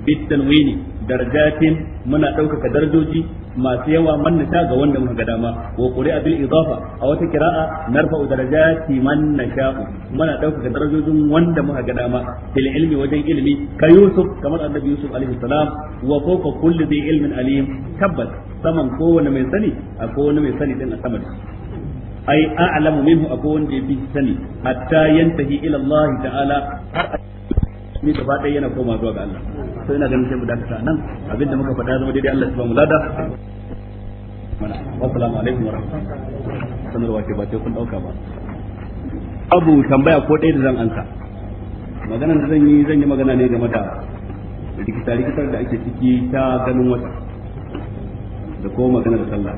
bitanwini darajatin muna ɗaukaka darajoji masu yawa man nasha ga wanda muka ga dama wa quri'a bil idafa a wata kira'a narfa'u darajati man nasha muna ɗaukaka darajojin wanda muka ga dama fil ilmi wajen ilmi ka yusuf kamar annabi yusuf alaihi salam wa fawqa kulli dhi ilmin alim tabbas saman kowane mai sani a wani mai sani din a saman ai a'lamu minhu akwai wanda ya fi sani hatta yantahi ila Allah ta'ala ni gaba ɗaya yana koma zuwa ga Allah sai ina ganin sai mu dakata nan abinda muka faɗa zama daidai Allah subhanahu wa ta'ala lada mana assalamu alaikum wa rahmatullahi sanarwa ke ba sai kun dauka ba abu tambaya ko ɗaya da zan ansa magana da zan yi zan yi magana ne game da rikita rikitar da ake ciki ta ganin wata da ko magana da sallah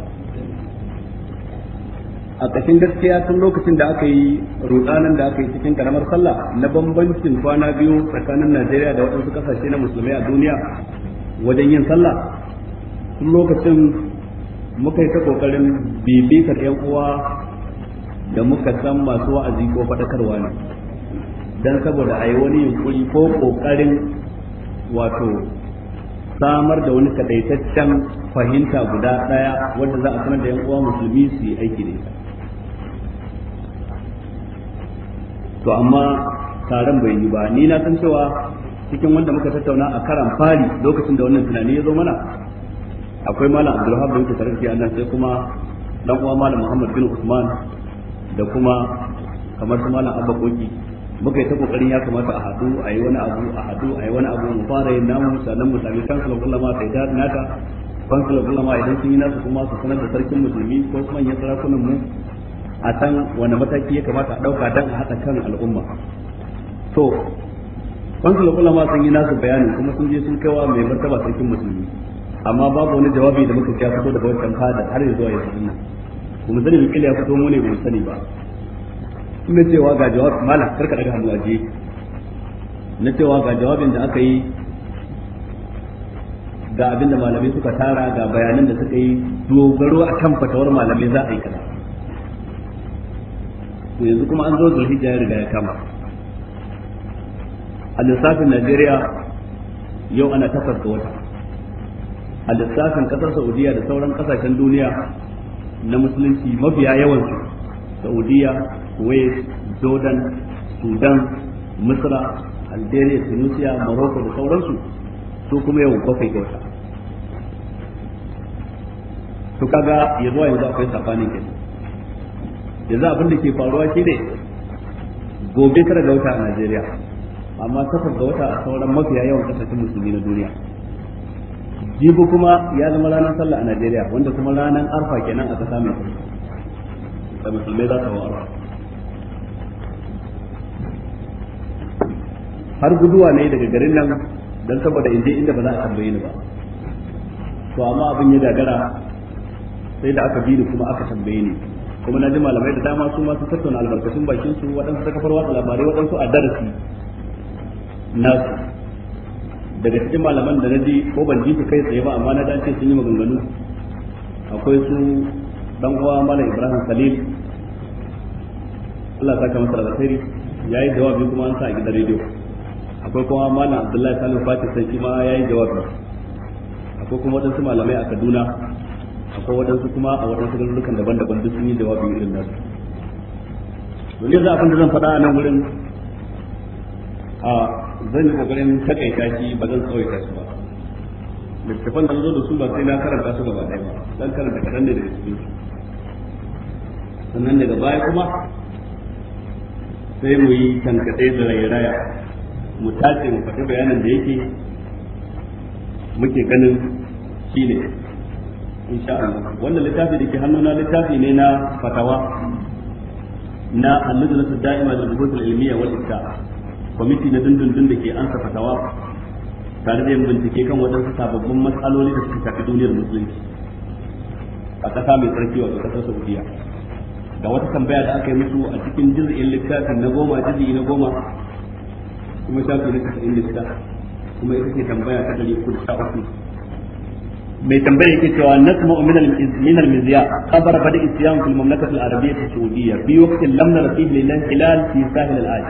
a ƙashin gaskiya tun lokacin da aka yi rudanan da aka yi cikin karamar sallah na bambancin kwana biyu tsakanin najeriya da waɗansu ƙasashe na musulmai a duniya wajen yin sallah tun lokacin muka yi ta ƙoƙarin bibitar yan uwa da muka san masu wa'azi ko faɗakarwa ne don saboda a yi wani yunkuri ko ƙoƙarin wato samar da wani kadaitaccen fahimta guda ɗaya, wanda za a sanar da yan uwa musulmi su yi aiki ne. to amma taron bai yi ba ni na san cewa cikin wanda muka tattauna a karan fari lokacin da wannan tunani ya zo mana akwai malam abdulhab bin muke tare da allah sai kuma dan uwa malam muhammad bin usman da kuma kamar su malam abba koki muka yi ta kokarin ya kamata a hadu a yi wani abu a hadu a yi wani abu mu fara yin namu sannan mu sami kansu kullama sai da nata kansu kullama idan sun yi nasu kuma su sanar da sarkin musulmi ko kuma yan sarakunan mu a san wani mataki ya kamata a ɗauka don a haɗa kan al'umma so to kwansul ulama sun yi nasu bayani kuma sun je sun kaiwa mai martaba sarkin musulmi amma babu wani jawabi da muka ya da daga kan fada har yanzu a yanzu nan kuma sani bikil ya fito mu ne mu sani ba na cewa ga jawab mala karka daga hannu aje na cewa ga jawabin da aka yi ga abinda da malamai suka tara ga bayanan da suka yi dogaro a akan fatawar malamai za a yi kaza to yanzu kuma an zo zulhijja ya riga ya kama a lissafin najeriya yau ana takwas ga wata a lissafin kasar saudiya da sauran kasashen duniya na musulunci mafiya yawansu saudiya kuwait jordan sudan misra algeria tunisia morocco da sauransu su kuma yau bakwai ga wata to kaga yanzu yanzu akwai safanin kenan yanzu abin da ke faruwa shi ne gobe tara ga wata a Najeriya amma takwas ga wata a sauran mafiya yawan kasashen musulmi na duniya jibi kuma ya zama ranar sallah a Najeriya wanda kuma ranar arfa kenan a kasa mai da musulmai za ta arfa har guduwa ne daga garin nan don saboda in je inda ba za a tambaye ni ba to amma abin ya dagara sai da aka bi ni kuma aka tambaye ni kuma na ji malamai da dama su masu tattauna albarkacin bakin su waɗansu ta kafar watsa labarai waɗansu a darasi nasu daga cikin malaman da na ji ko ban ji su kai tsaye ba amma na dace sun yi maganganu akwai su dan uwa malam ibrahim khalil Allah saka masa ya yi yayi jawabi kuma an sa a gidan rediyo akwai kuma malam abdullahi salim fati sai shi ma yayi jawabi akwai kuma wadansu malamai a kaduna akwai waɗansu kuma a waɗansu garurukan daban-daban duk sun yi jawabi irin nasu don yanzu abin da zan faɗa a nan wurin a zan yi kokarin takaita shi ba zan tsawaita shi ba littafan da zo da su ba sai na karanta su gaba ɗaya ba zan karanta kaɗan ne da su sannan daga baya kuma sai mu yi tankaɗe da rairaya mu tace mu faɗi bayanin da yake muke ganin shi ne insha Allah wannan littafi da ke hannuna littafi ne na fatawa na al-lajnatu da'ima da buhuth al-ilmiyya wal ifta kwamiti na dindindin da ke ansa fatawa tare da yin bincike kan waɗansu sababbin matsaloli da suka shafi duniyar musulunci a ƙasa mai tsarki wato ƙasar saudiya da wata tambaya da aka yi musu a cikin jirgin littafin na goma jirgi na goma kuma shafi na casa'in littafi kuma ita ce tambaya ta ɗari uku da sha uku mai tambaya yake cewa nasma min al min al mizya khabar bada isyan fil mamlakah al arabiyyah al saudiyyah bi waqt lam nara fihi lil hilal fi sahil al aj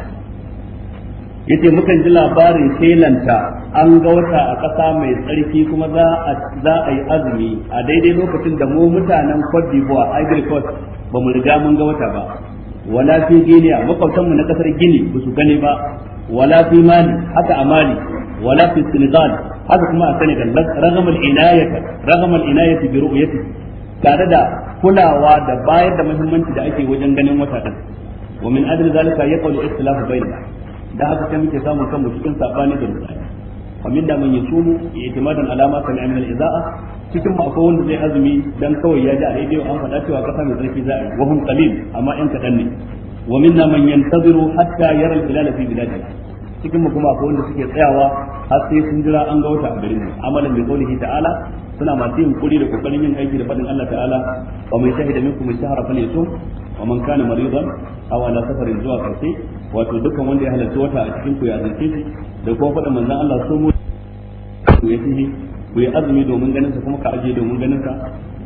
yace mukan ji labarin kelanta an ga wata a ƙasa mai tsarki kuma za a za a yi azumi a daidai lokacin da mu mutanen Cote d'Ivoire Ivory Coast ba mu riga mun ga wata ba wala fi Guinea makwabtan mu na kasar gini ba su gani ba wala fi Mali haka a Mali ولا في kuma هذا كما السنغال رغم العناية رغم العناية برؤيته tare da kulawa da bayar da muhimmanci da ake wajen ganin wata din wa min adl zalika yaqulu istilahu bainana da haka sai muke samun kanmu cikin sabani da mutane famin da man yasumu i'timadan ma cikin mu akwai zai azumi dan kawai ya ji a rediyo an faɗa cewa kasa mai zarfi za'a yi wahun qalil amma in kadan ne wa minna man yantaziru hatta yara al-hilal fi biladihi cikin mu kuma akwai wanda suke tsayawa har sai sun jira an ga wata a garin nan amalan bi qawlihi ta'ala suna masu yin kuri da kokarin yin aiki da fadin Allah ta'ala wa mai shahida minkum shahra falyasum wa man kana maridan aw ala safarin zuwa karshe wato dukkan wanda ya halarci wata a cikin ku ya zance shi da kuma fadin manzon Allah so mu ku yi azumi domin ganin sa kuma ka aje domin ganin sa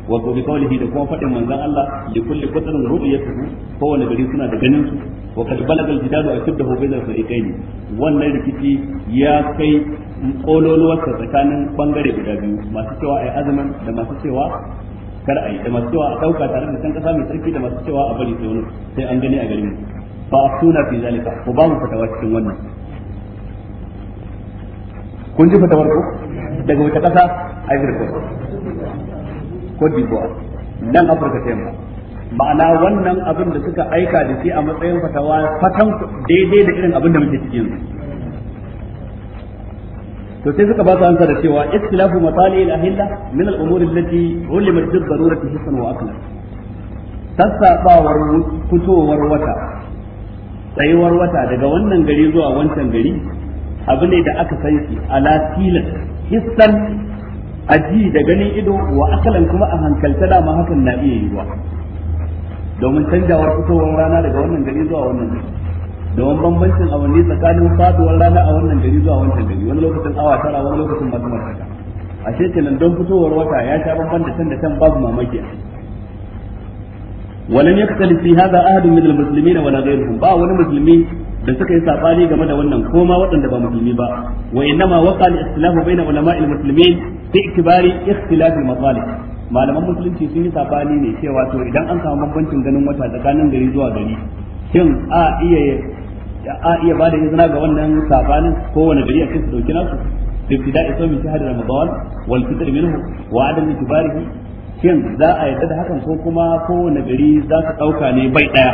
wato bi qawlihi da kuma fadin manzon Allah li kulli qatrin ru'yatuhu kowane gari suna da ganin su wa kad balaga al-jidalu ashaddahu bayna al-fariqayn wannan rikici ya kai kololuwar tsakanin bangare guda biyu masu cewa ai azumin da masu cewa kar a yi da masu cewa a dauka tare da san kasa mai sarki da masu cewa a bari sai wani sai an gani a garin ba a suna fi zalika ko ba mu fatawa cikin wannan kun ji fatawar ko daga wata kasa a yi Cote d'Ivoire nan Afirka ta yamma ma'ana wannan abin da suka aika da shi a matsayin fatawa fatan daidai da irin abin da muke cikin to sai suka ba su ansa da cewa ikhtilafu matali ila hilla min al umur allati ulimat bi darurati hisan wa akla sassaɓawar fitowar wata tsayuwar wata daga wannan gari zuwa wancan gari abu ne da aka san shi ala tilan hisan a ji da ganin ido wa akalan kuma a hankalta dama hakan na iya yiwuwa domin canjawar fitowar rana daga wannan gari zuwa wannan gari domin bambancin awanni tsakanin faduwar rana a wannan gari zuwa wancan gari wani lokacin awa tara wani lokacin masu martaka a shekenan don fitowar wata ya sha bamban da can da can babu mamaki a ولم يختلف في هذا أحد من المسلمين ولا غيرهم با wani musulmi da suka yi sabani game da wannan koma waɗanda ba musulmi ba wa innama waqa al-ikhtilafu bayna ulama al-muslimin bi ikibari malaman musulunci sun yi sabani ne cewa to idan an samu bambancin ganin wata tsakanin gari zuwa gari shin a iya ba da bada izina ga wannan sabanin kowane gari a cikin dauki nasu ibtida'i sawmi shahar ramadan wal fitr minhu wa adam ikbarihi shin za a yadda da hakan ko kuma kowane gari za ka dauka ne bai ɗaya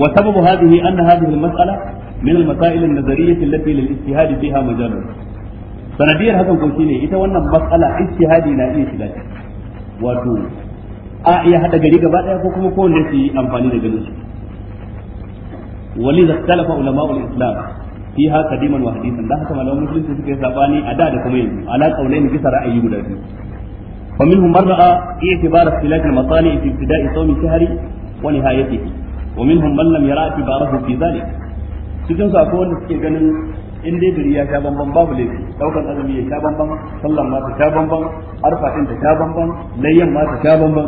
wa sababu hadhihi anna hadhihi al-mas'ala min al-masail an-nazariyyah allati sanadiyar hakan ko shine ita wannan matsala ijtihadi na iya shiga wato a iya hada gari gaba daya ko kuma kowanne su yi amfani da ganin su wali zaktalafa ulama'ul islam fiha qadiman wa hadithan da haka malaman musulunci suke sabani a da da kuma yanzu ala qaulain bisa ra'ayi guda biyu فمنهم من رأى اعتبار اختلاف المصالح في ابتداء صوم الشهر ونهايته ومنهم من لم يرى اعتباره في ذلك cikin su akwai wanda suke ganin in dai biri ta sha babu laifi daukan azumi ya sha bamban sallan ma ta sha arfa din ta sha bamban layyan ma ta sha bamban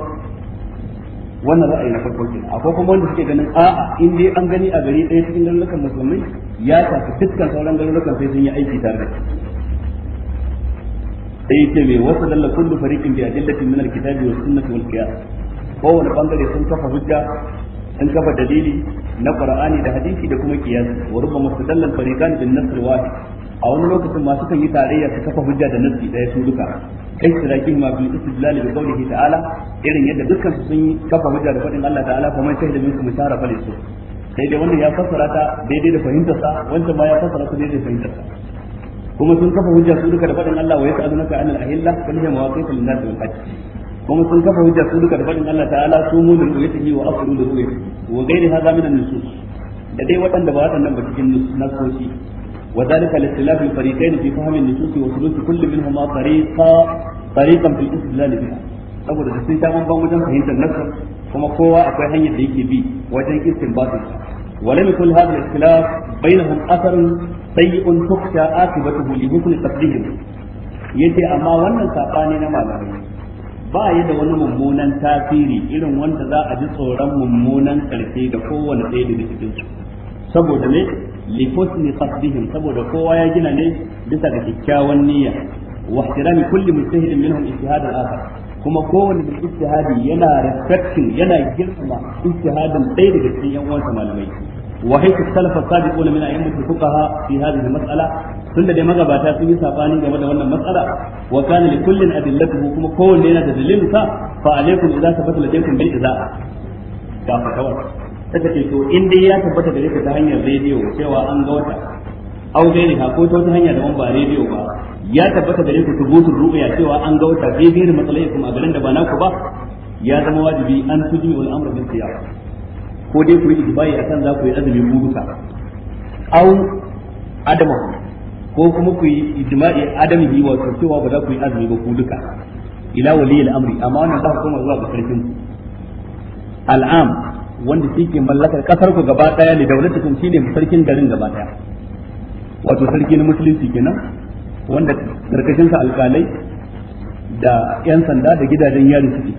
wannan ra'ayi na farko kenan akwai kuma wanda suke ganin a'a in dai an gani a gari ɗaya cikin garurukan musulmai ya tafi dukkan sauran garurukan sai sun yi aiki tare da sai ce mai wasu dalla kullu fariqin bi adillatin min alkitabi wa sunnati wal qiyas kowane bangare sun kafa hujja sun kafa dalili na qur'ani da hadisi da kuma qiyas wa rubba mustadallan fariqan bin nasr wahid a wani lokacin masu kan yi tarayya su kafa hujja da nassi daya su duka kai siraki ma bil istidlal bi qawlihi ta'ala irin yadda dukkan su sun kafa hujja da fadin Allah ta'ala kuma shahida minkum mutara falisu sai dai wannan ya fassara ta daidai da fahimtar fahimtarsa wancan ma ya fassara ta daidai da fahimtarsa kuma sun kafa hujja su duka da fadin Allah wa yas'alunaka anil ahilla kullu mawaqit lin-nas wal hajj kuma sun kafa hujja su duka da faɗin Allah ta'ala su mu da ru'yatihi wa afru da ru'yatihi wa ghairi haza minan an-nusus da dai waɗanda ba waɗannan ba cikin nasoshi wa dalika al-ikhtilaf al-fariqain fi fahm an-nusus wa thuluth kull minhuma tariqa tariqan fil istidlal biha saboda da sun ta ban wajen fahimtar nasar kuma kowa akwai hanyar da yake bi wajen istinbatin ولم يكن هذا الاختلاف بينهم اثر سيء تخشى عاقبته لحسن تقديرهم yace amma wannan sabani na malamai ba yi da wani mummunan tasiri irin wanda za a ji tsoron mummunan karshe da kowane ɗaya daga cikin su saboda ne li husni saboda kowa ya gina ne bisa ga kyakkyawan niyya wa ihtirami kulli mujtahidin minhum ijtihad al-akhar kuma kowane da ijtihadi yana respecting yana girma ijtihadin ɗaya daga cikin yan uwansa malamai وحيث اختلف السابقون من أئمة الفقهاء في هذه المسألة tunda dai magabata sun yi sabani game da wannan matsala wa kana li kullin adillatuhu kuma kowanne yana da dalilin sa fa alaikum idza tabatta ladaykum bil iza'a ga fatawar saka ce to in dai ya tabbata gare ka ta hanyar rediyo cewa an ga wata au gairi ta wata hanya ba rediyo ba ya tabbata gare ku tubutun ru'ya cewa an ga wata bibiyar matsalaikum a garin da ba naku ba ya zama wajibi an tuji wal amru ko dai ku yi a kan za ku yi azumin burusa au adama ko kuma ku yi ijma'i wa wato cewa ba za ku yi azumi ba ku duka ila waliyil amri amma wannan za ku koma zuwa ga karfin al'am wanda shi mallakar kasar ku gaba daya ne kun shine sarkin garin gaba daya wato sarki na musulunci kenan wanda karkashin sa alkalai da yan sanda da gidajen yari suke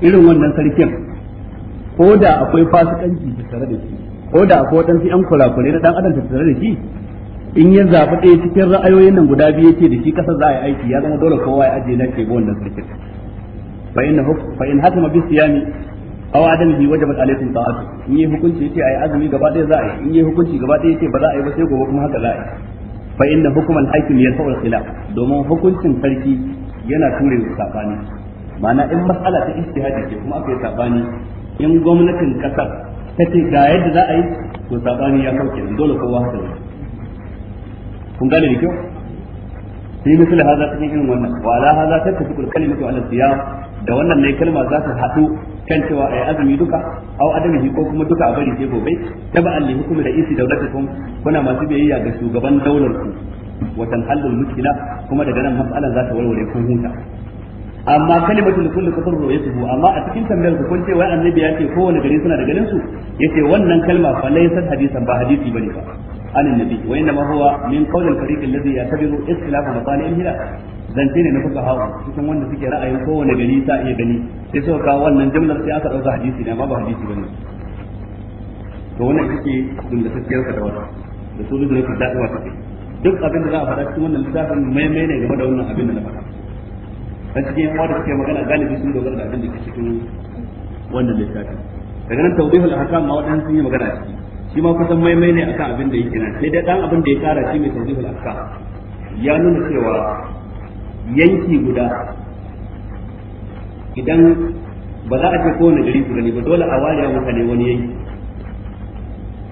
irin wannan sarkin ko da akwai fasikanci tare da shi ko da akwai wadansu yan kurakurai na dan adam tare da shi in ya zaɓi ɗaya cikin ra'ayoyin nan guda biyu ce da shi ƙasa za a yi aiki ya zama dole kowa ya ajiye na ke bon nan sarkin fa in fa in hatama bi siyami aw adam bi wajaba alaykum ta'at in yi hukunci yace ayi azumi gaba ɗaya za a yi in yi hukunci gaba ɗaya yace ba za a yi ba sai gobe kuma haka za a yi fa inna hukm al hakim yarfa'u al khilaf domin hukuncin sarki yana ture sabani ma'ana in mas'ala ta ijtihadi ce kuma aka yi sabani in gwamnatin kasar ta ce ga yadda za a yi to sabani ya kauke dole kowa haka ne kun gane da kyau sai misali haza cikin wannan wa ala haza ta tafi kul kalimatu ala siyam da wannan ne kalma za ta haɗu kan cewa ai azumi duka au adamihi ko kuma duka a bari sai gobe taba'an da isi ra'isi kun kuna masu biyayya ga shugaban daular ku watan tanhallul mutila kuma daga nan mas'alan za ta warware kun huta amma kalimatul kulli kafar ru'yatuhu amma a cikin tambayar ku kun ce wai annabi ya ce kowane gari suna da garin su yace wannan kalma fa laysa hadisan ba hadisi bane fa. an annabi wa inma huwa min qawl al-fariq alladhi yatabiru ikhtilafa matalih hilal zance ne na fuka hawa cikin wanda suke ra'ayin kowane gari sa iya gani sai suka kawo wannan jumlar sai aka dauka hadisi ne amma ba hadisi bane to wannan kike dungatakkiyar ka da wata da su zuwa da da'a wata duk abin da za a faɗa cikin wannan littafin mai mai ne game da wannan abin da na faɗa dan cikin yawa da suke magana galibi sun dogara da abin da ke cikin wannan littafin daga nan tawdihul ahkam ma wadannan sun yi magana ciki shi ma kusan maimai ne akan abin da yake nan sai dai dan abin da ya kara shi mai tawdihul ahkam ya nuna cewa yanki guda idan ba za a ce kowane gari su gani ba dole a ware mutane wani yanki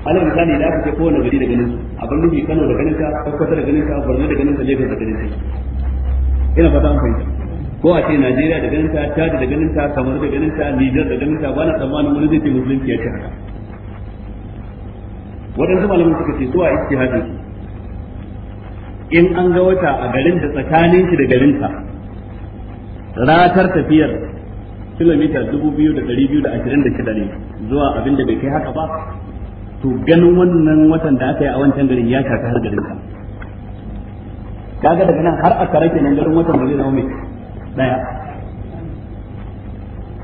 alal misali da aka ce kowane gari da ganin su abin nufi kano da ganin ta kwakwata da ganin ta borno da ganin ta lagos da ganin ta ina fata an fahimta ko a ce Najeriya da ganin ta Chad da ganin ta Kamaru da ganin ta Niger da ganin ta ba na tsammanin wani zai ce musulunci ya ce haka waɗansu malamin suka ce zuwa ijtihadin su in an ga wata a garin da tsakanin shi da garin ta ratar tafiyar kilomita dubu biyu da ɗari biyu da ashirin da shida ne zuwa abin da bai kai haka ba to ganin wannan watan da aka yi a wancan garin ya shafi har garin ka kaga daga nan har aka rake nan garin watan da zai zama mai daya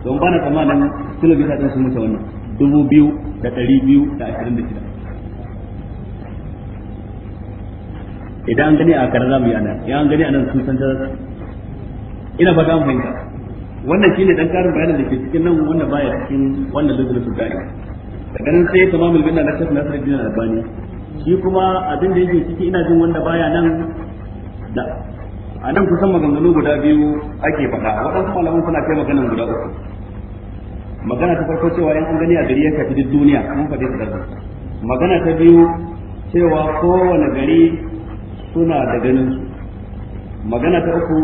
don bana tsammanin kilomita ɗin sun wuce wannan dubu biyu da ɗari biyu da ashirin da shida idan an gani a kare za mu yi anan idan an gani anan sun san ta ina fata mu fahimta wannan shine dan karin bayanin da ke cikin nan wannan baya cikin wannan su sudani da ganin sai tamamul binna na shafi nasiruddin albani shi kuma abin da yake ciki ina jin wanda baya nan da a nan kusan maganganu guda biyu ake faɗa waɗansu malaman suna kai maganan guda uku magana ta farko cewa yan an gani a gari ya kafi duk duniya mun faɗi su ɗarsa magana ta biyu cewa kowane gari suna da ganin su magana ta uku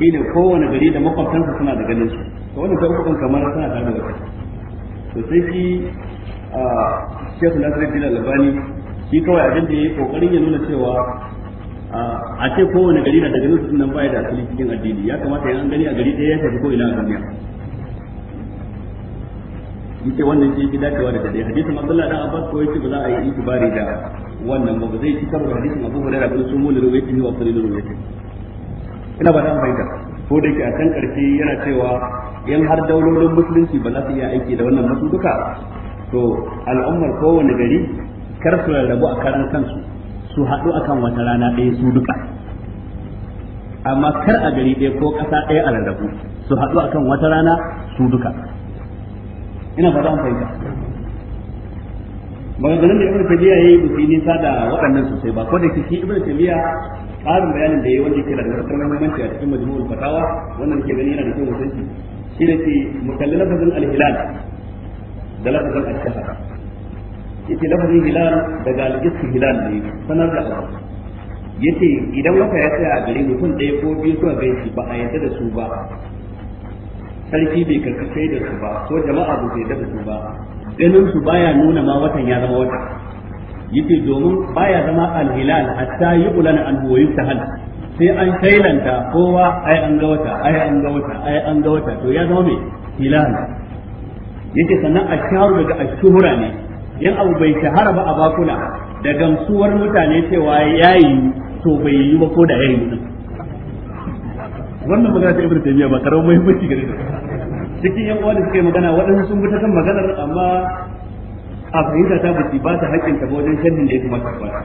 ne kowane gari da makwabtansa suna da ganin su to wani ta uku kamar suna da da su to sai shi a ah, Sheikh Nasiruddin Albani shi kawai abin da yi kokarin ya nuna cewa a ce kowane gari na daga nufin nan baya da asali cikin addini ya kamata yan gani a gari ɗaya ya tafi ko ina a duniya yace wannan shi ke dacewa da dai hadisin Abdullah dan Abbas ko yace ba za a yi itibari da wannan ba ba zai ci karo da hadisin Abu Hurairah bin Sumul Ruwaiti wa Sahih Ruwaiti ina ba da fahimta ko da ke a kan karshe yana cewa yan har daulolin musulunci ba za su iya aiki da wannan masuduka to al'ummar kowane gari kar su rarrabu a karan kansu su haɗu akan wata rana ɗaya su duka amma kar a gari ɗaya ko ƙasa ɗaya a rarrabu su haɗu akan wata rana su duka ina fata an fahimta ga da ibn tabiya yayi yi su nisa da waɗannan sosai ba ko da shi ibn tabiya ƙarin bayanin da yayi wanda yake da matuƙar muhimmanci a cikin majmu'ul fatawa wannan ke gani yana da kyau mutunci shi ne ke mukallin lafazin al-hilal da lafazin alkasa yace lafazin hilal daga aljisu hilal ne sanar da abu yace idan wata ya tsaya a gari mutum ɗaya ko biyu zuwa gare shi ba a yarda da su ba sarki bai karkace da su ba ko jama'a ba bai yarda da su ba ganin su baya nuna ma watan ya zama wata yace domin baya zama alhilal hatta yuqlana an huwa yuftahal sai an shailanta kowa ai an ga wata ai an ga wata ai an ga wata to ya zama mai hilal yace sannan asharu daga ashuhura ne in abu bai shahara ba a bakuna da gamsuwar mutane cewa yayi to bai yi ba ko da yayi mutu. wannan magana ta ibrahim ya ba karamin muhimmanci gare ta cikin yan uwa da suka yi magana waɗansu sun fita kan maganar amma a fahimta ta bace ba ta haƙƙin ta wajen shannin da ya ta kwana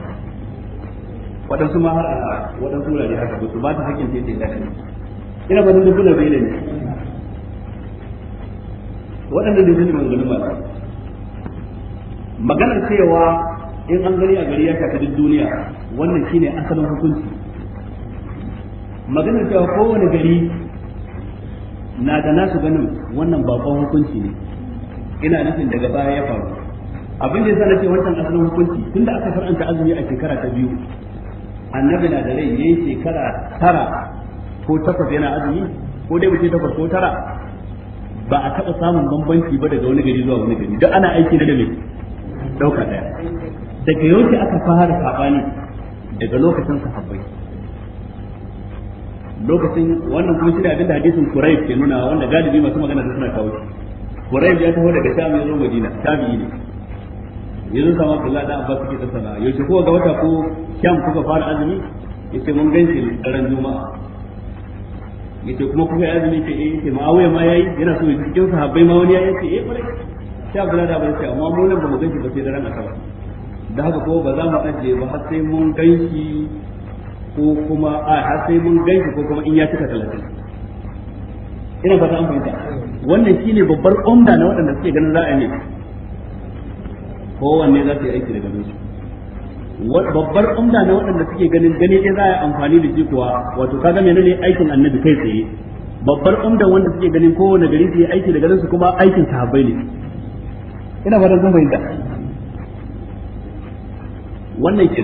waɗansu ma har a waɗansu wurare haka ba su ba ta haƙƙin ta yi ta ya ina ba duk da bai ne waɗanda da zai maganganu masu maganar cewa in an gani a gari ya shafi duk duniya wannan shine asalin hukunci maganar cewa kowane gari na da nasu ganin wannan bakon hukunci ne ina nufin daga baya ya faru abin da yasa nace wancan asalin hukunci tunda aka faranta azumi a shekara ta biyu annabi na da rai yayin shekara tara ko takwas yana azumi ko dai mutum takwas ko tara ba a taɓa samun bambanci ba daga wani gari zuwa wani gari duk ana aiki da dame dauka daya daga yauki aka fara sabani daga lokacin sahabbai lokacin wannan kuma shine abinda hadisin Quraysh ke nuna wanda galibi masu magana da suna kawo Quraysh ya taho daga Sham ya zo Madina tabi'i ne yanzu sama Abdullah da Abbas suke tsana yaushe ko ga wata ko Sham kuka fara azumi yace mun ganshi daren Juma'a yace kuma kuka azumi ce eh yace ma'awiya ma yayi yana so ya cikin sahabbai ma wani yayi ce eh kwarai sai abdullahi da bai ce amma mu nan ba mu ganki ba sai da ran da haka ko ba za mu ajiye ba har sai mun ganki ko kuma a har sai mun ganki ko kuma in ya cika talatin ina fata an fahimta wannan shine babbar umda na waɗanda suke ganin za a yi kowanne za su yi aiki daga ganin babbar umda na waɗanda suke ganin gani ɗaya za a yi amfani da shi kuwa wato kaga menene aikin annabi kai tsaye babbar umda wanda suke ganin kowane gari su yi aiki daga garin kuma aikin sahabbai ne ina ba da zan fahimta wannan ke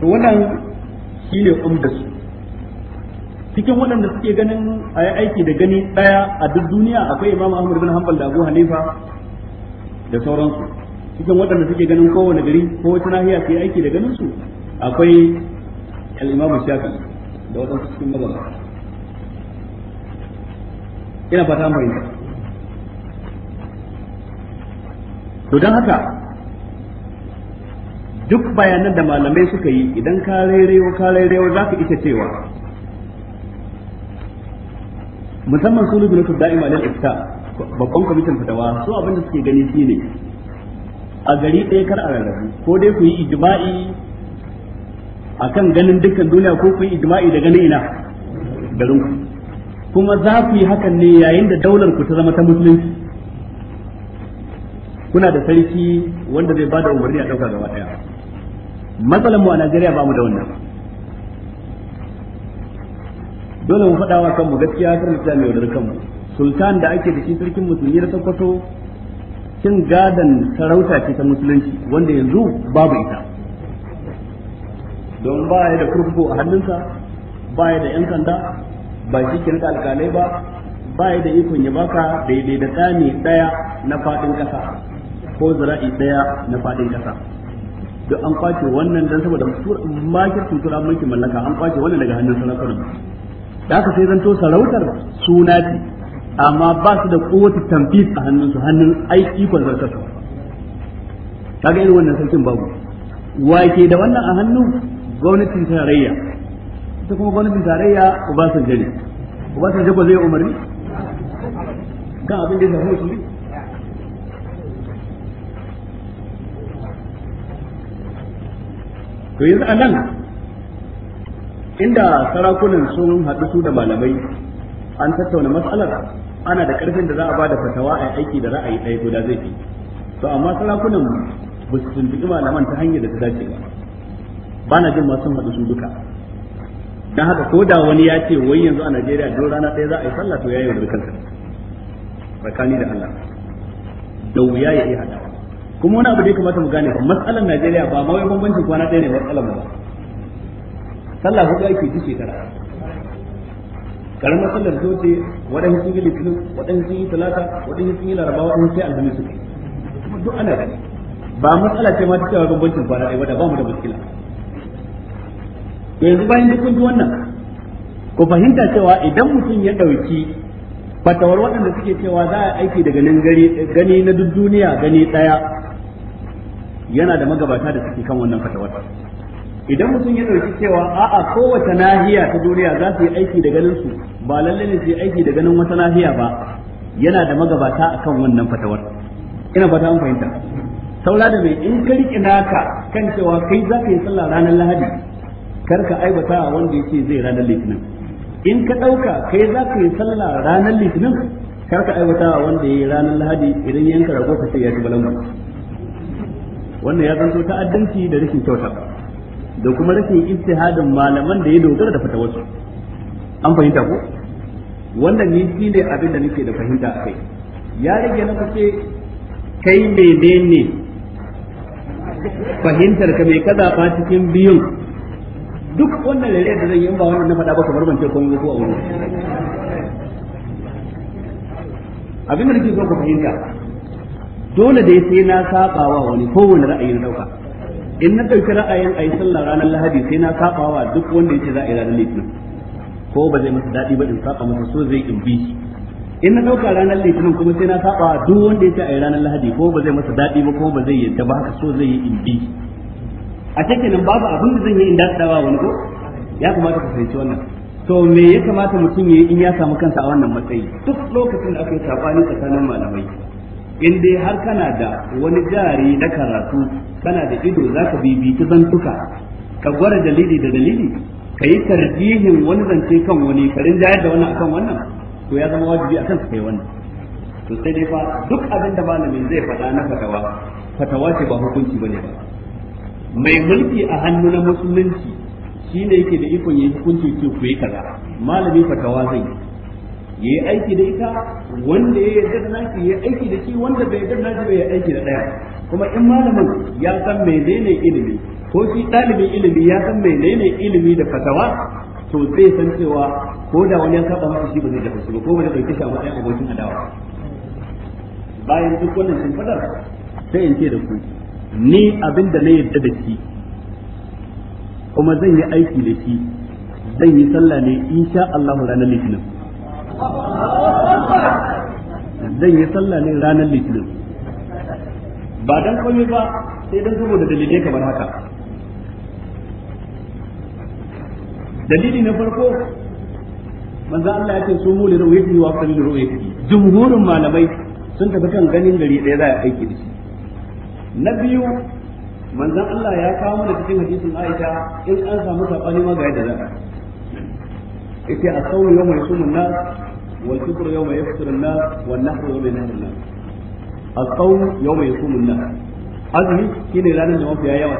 to wannan shi ne umdasu cikin waɗanda suke ganin a yi aiki da gani ɗaya a duk duniya akwai imam ahmad bin hanbal da abu hanifa da sauransu cikin waɗanda suke ganin kowane gari ko wata nahiya su yi aiki da ganin su akwai al'imamu shafi da waɗansu cikin mazaba ina fata mai fahimta to don haka duk bayanan da malamai suka yi idan ka rairewa ka rairewa za ka ita cewa musamman su lubu nufin da'ima lil ifta babban kwamitin fitawa su abin da suke gani shine a gari ɗaya kar a rarrabu ko dai ku yi ijma'i kan ganin dukkan duniya ko ku yi ijma'i da ganin ina garin ku kuma za ku yi hakan ne yayin da daular ku ta zama ta musulunci kuna da sarki wanda zai bada umarni a dauka gaba daya matsalan mu a Najeriya ba mu da wannan dole mu faɗa wa kanmu gaskiya kan ta mai wadar kanmu sultan da ake da shi sarkin musulmi da Sokoto kin gadon sarauta ce ta musulunci wanda yanzu babu ita don ba ya da kurkuku a hannunsa ba ya da yan sanda ba shi ke da alkalai ba ba ya da ikon ya baka daidai da tsami daya na faɗin ƙasa ko zara'i daya na fadin kasa duk an kwace wannan dan saboda makir tutura mulkin mallaka an kwace wannan daga hannun sarakunan da aka sai zanto sarautar suna ce amma ba su da kowace tamfis a hannunsu hannun aiki kwan zartarsa kaga irin wannan sarkin babu wake da wannan a hannu gwamnatin tarayya ita kuma gwamnatin tarayya ubasanjo ubasan ubasanjo ba zai umarni kan abin da ya shafi musulmi to yanzu a nan inda sarakunan sun haɗu su da malamai an tattauna matsalar ana da ƙarfin da za a ba da fatawa a aiki da ra'ayi ɗaya guda zai fi to amma sarakunan ba su tuntuɓi malaman ta hanyar da ta dace ba ba na jin masu haɗu su duka don haka ko da wani ya ce wai yanzu a najeriya don rana ɗaya za a yi sallah to ya yi wa tsakani da allah da wuya ya yi haɗa kuma wani abu da ya kamata mu gane ba matsalar Najeriya ba ma wai bambancin kwana ɗaya ne matsalar ba sallah hudu ake ji shekara karamar sallar zo ce waɗansu sun yi litinin waɗansu sun yi talata waɗansu sun yi laraba waɗansu sai alhamis suke kuma duk ana gani ba matsala ce ma ta cewa bambancin kwana ɗaya wadda ba mu da muskila yanzu bayan duk kun ji wannan ku fahimta cewa idan mutum ya ɗauki fatawar waɗanda suke cewa za a aiki daga nan gani na duk duniya gani ɗaya yana da magabata da suke kan wannan fatawar idan mutum ya ɗauki cewa a'a kowace nahiya ta duniya za su yi aiki da ganin su ba lalle ne su yi aiki da ganin wata nahiya ba yana da magabata akan wannan fatawar ina fata an fahimta saura da mai in ka riƙe naka kan cewa kai za ka yi sallah ranar lahadi kar ka aibata wanda yake zai ranar litinin in ka ɗauka kai za ka yi sallah ranar litinin kar ka aibata wanda ya yi ranar lahadi idan yanka rago ka ce ya ci balangu wannan ya zanto ta'addanci da rashin kyauta da kuma rashin ijtihadin malaman da ya dogara da fatawarsu an fahimta ko wannan ne, shi ne abin da nake da fahimta a kai ya rage na kuce kai menene fahimtar ka mai kaza fa cikin biyun duk wannan rere da zan yi ba wannan na faɗa ba kamar ban ce komai ko a wurin abin da nake so ku fahimta dole dai sai na saba wa wani kowane ra'ayi na dauka in na dauki ra'ayin a yi sallah ranar lahadi sai na saba wa duk wanda yake za a yi ranar litinin ko ba zai masa daɗi ba in saba masa so zai in bi in na dauka ranar litinin kuma sai na saba wa duk wanda a yi ranar lahadi ko ba zai masa daɗi ba ko ba zai yadda ba haka so zai yi in bi a take nan babu abin da zan yi in dattawa wani ko ya kamata ka fahimci wannan to me ya kamata mutum ya yi in ya samu kansa a wannan matsayi duk lokacin da aka yi sabani tsakanin malamai in dai har kana da wani jari na karatu kana da ido za zaka bibita zantuka ka gwara dalili da dalili ka yi tarjihin wani zance kan wani karin jayar da wannan akan wannan to ya zama wajibi akan su kai wannan to sai dai fa duk abin da malamin zai faɗa na fatawa fatawa ce ba hukunci bane ba mai mulki a hannu na musulunci shine yake da ikon yi hukunci ce ku yi kaza malami fatawa zai yi Yi aiki da ita wanda ya yarda da nashi yayi aiki da shi wanda bai yarda da nashi bai aiki da daya kuma in malamin ya san menene ilimi ko shi dalibin ilimi ya san menene ilimi da fatawa to zai san cewa ko da wani ya saba masa shi ba zai dafa shi ba ko ba zai kai shi a abokin adawa bayan duk wannan sun fadar sai in ce da ku ni abin da na yarda da shi kuma zan yi aiki da shi zan yi sallah ne insha Allah ranar litinin zan yi sallah ne ranar litinin ba dan komai ba sai dan saboda dalilai kamar haka dalili na farko manzo Allah ya ce su mu liru yati wa kan liru yati jumhurin malamai sun tafi kan ganin gari ɗaya za a aiki da shi na biyu manzon Allah ya kawo mana cikin hadisin Aisha in an samu sabani ma ga yadda za a yace a sauri yau mai والكفر يوم يكفر الناس والنحر يوم ينحر الناس الصوم يوم يصوم الناس azumi shine ranar da mafiya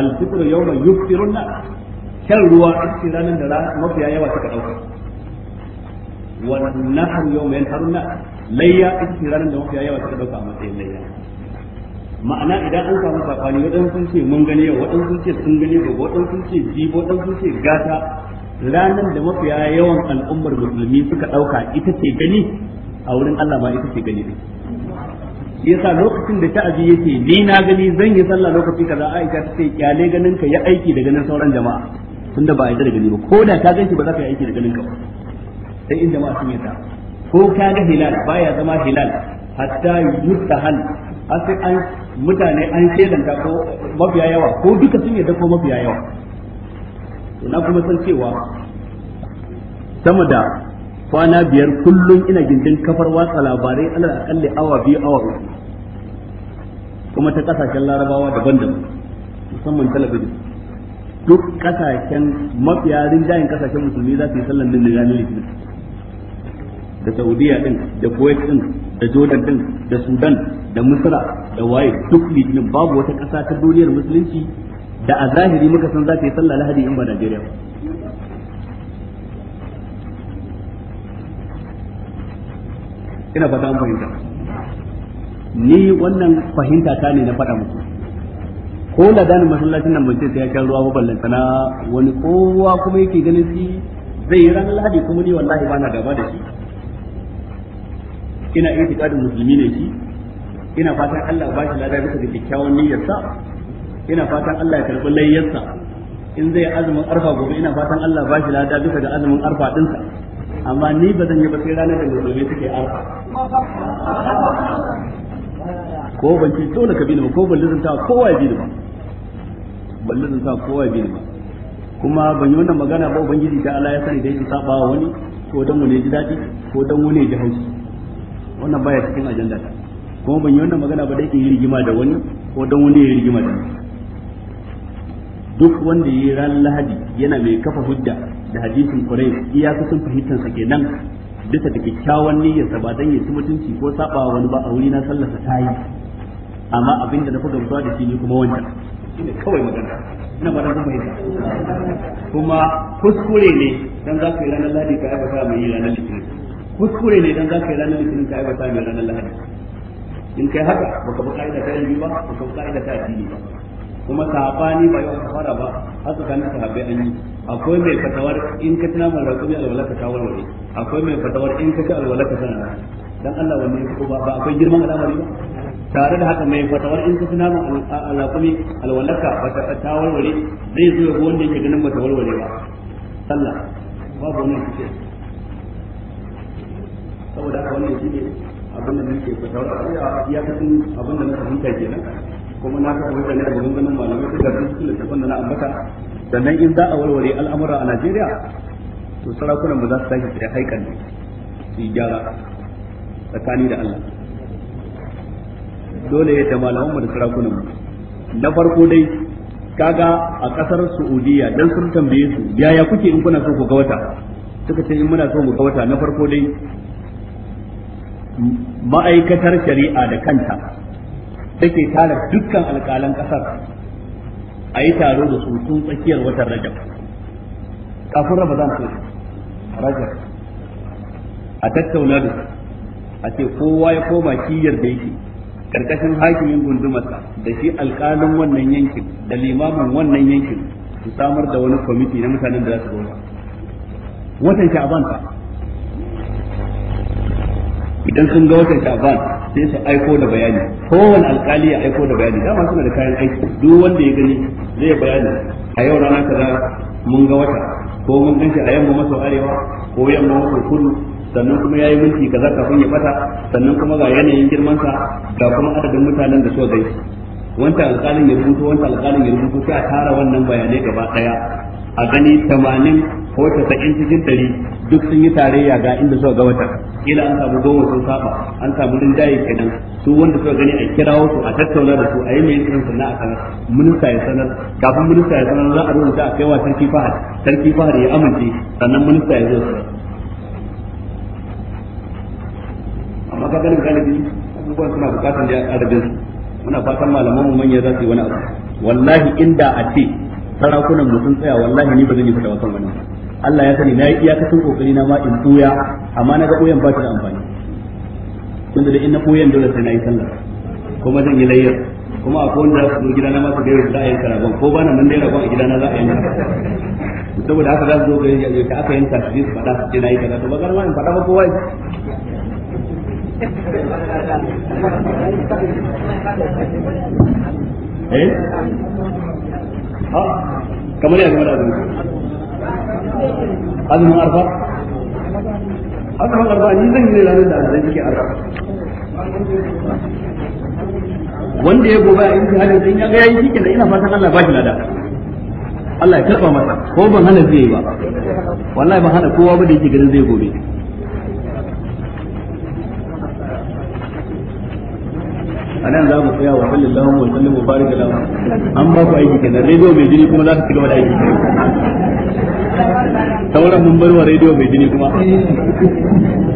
al-fitr yawma yuftirun nas shan ruwa ita ranar da mafiya yawa suka dauka wannan nahar yawma yanharun nas layya ita ranar da mafiya yawa ma'ana idan an samu safani waɗansu sun ce mun waɗansu sun ce sun gani gobe sun ce jibo waɗansu sun ce gata ranar da mafiya yawan al'ummar musulmi suka ɗauka ita ce gani a wurin Allah ba ita ce gani yasa lokacin da ta'azi yake ni na gani zan yi sallah lokaci kaza Aisha ta ce kyale ganin ka ya aiki da ganin sauran jama'a tunda ba a yi da gani ba ko da ka ganki ba za ka yi aiki da ganin ka ba sai in jama'a sun ta ko ka ga hilal baya zama hilal hatta yustahal har sai an mutane an shedanta ko mafiya yawa ko duka sun yarda ko mafiya yawa to na kuma san cewa sama da kwana biyar kullum ina gindin kafar watsa labarai alal akalli awa biyu awa uku kuma ta kasashen larabawa daban da musamman talabijin duk kasashen mafiya rinjayen kasashen musulmi za su yi sallan din da ranar litinin da saudiya din da kuwait din da jordan din da sudan da misra da waye duk litinin babu wata kasa ta duniyar musulunci da a zahiri muka san za ta yi sallah lahadi in ba Najeriya ina fata an fahimta ni wannan fahimta ta ne na faɗa muku ko ladanin masallacin nan mace sai ya sha ruwa ba na wani kowa kuma yake ganin shi zai yi ranar lahadi kuma ni wallahi ba na gaba da shi ina iya tikadin musulmi ne shi ina fatan Allah ba shi lada bisa da kyakkyawan niyyarsa ina fatan Allah ya karbi layyarsa in zai azumin arfa gobe ina fatan Allah ba shi lada bisa ga azumin arfa dinsa amma ni ba zan yi ba sai ranar da gobe suke arfa ko ban ci dole ka bi ni ba ko ban lizanta kowa ya bi ni ba ban lizanta kowa ya bi ni ba kuma ban yi wannan magana ba ubangiji da Allah ya sani da yake saba wa wani ko dan wani ji dadi ko dan wani ji haushi wannan baya cikin ajanda ta kuma ban yi wannan magana ba da yake rigima da wani ko dan wani ya rigima da wani duk wanda yi ran lahadi yana mai kafa hujja da hadisin kurai kusan fahimtar sa kenan bisa da kyakkyawan sa ba dan ya ci mutunci ko saba wani ba a wuri na sallarsa ta yi amma abin da na fi gamsuwa da shi ne kuma wancan shine kawai magana ina ba da kuma yin kuma kuskure ne dan za ka yi ranar lahadi ka aibata mai yi ranar litinin kuskure ne dan za ka yi ranar litinin ka aibata mai ranar lahadi in kai haka baka bi ka'ida ta yi ba baka bi ka'ida ta yi ba kuma sahabani ba yau kafara ba har tsakanin sahabbai an yi akwai mai fatawar in ka tana mai rakumi alwala ka wani akwai mai fatawar in ka ci alwala ka sana dan Allah wanne ko ba ba akwai girman al'amari ba tare da haka mai fatawar in ka tana mai alakumi alwala ka ba ta wani zai zo ga wanda yake ganin mata ta ba sallah babu wani kike saboda haka wannan shine abin da nake fatawar ya kasan abin da na fahimta kenan kuma na ka fahimta ne daga gungunan malamai su garbin su littafin da na ambata sannan in za a warware al'amura a Najeriya to sarakunan ba za su tashi su haikan ne su gyara tsakani da Allah dole da malaman da sarakunan na farko dai kaga a kasar Saudiya dan sun tambaye su yaya kuke in kuna so ku ga wata suka ce in muna so mu ga wata na farko dai ma'aikatar shari'a da kanta take tara dukkan alƙalan ƙasar a yi taro da su tun tsakiyar watan rajab kafin ramadan ko rajab a tattauna da su a ce kowa ya koma kiyar da yake karkashin hakimin gundumarsa da shi alƙalan wannan yankin da limamin wannan yankin su samar da wani kwamiti na mutanen da za su zo watan sha'ban idan sun ga watan sha'ban sai su aiko da bayani kowane alkali ya aiko da bayani dama suna da kayan aiki duk wanda ya gani zai bayani a yau rana kaza mun ga wata ko mun ganshi a yamma maso arewa ko yamma maso kudu sannan kuma yayi minti kaza kafin ya bata sannan kuma ga yanayin girman sa ga kuma adadin mutanen da so zai wanda alkalin ya rubuto wanda alkalin ya rubuto sai a tara wannan bayanai gaba daya a gani 80 ko tasa'in cikin ɗari duk sun yi tarayya ga inda suka ga wata kila an samu goma sun saba an samu rinjaye kenan su wanda suka gani a kirawo su a tattauna da su a yi mai yin sannan a sanar minista ya sanar kafin minista ya sanar za a rubuta a kaiwa sarki fahad sarki fahad ya amince sannan minista ya zo amma ka ganin galibi abubuwan suna bukatar da ya ƙara bin muna fatan malaman mu manya za su yi wani abu wallahi inda a ce sarakunan mu sun tsaya wallahi ni ba zan yi fita wasan wannan Allah ya sani na yi iyakacin kokari na ma in tuya amma na ga buyan ba shi da amfani tun da in na dole sai na yi sallah kuma zan yi layyar kuma a wanda za su zo gidana masu da yawa za a yanka rabon ko ba na nan dai rabon a gidana za a yanka saboda haka za su zo ga yanzu ta aka yanka su je su faɗa su ce na yi kaza to ba ma in faɗa ba kowa eh kamar yanzu da zuwa azumin arfa azumin arfa ni yi da azai suke wanda ya goba in halin da ina fatan Allah ba shi lada Allah ya karba masa ko ban hana zai yi ba wallahi ban hana kowa ba da yake ganin zai gobe anan za mu tsaya wa sallallahu alaihi wa sallam mubarak lahu an ba ku aiki kenan rediyo mai jini kuma za ta cigaba da aiki sauran mun bar wa rediyo mai jini kuma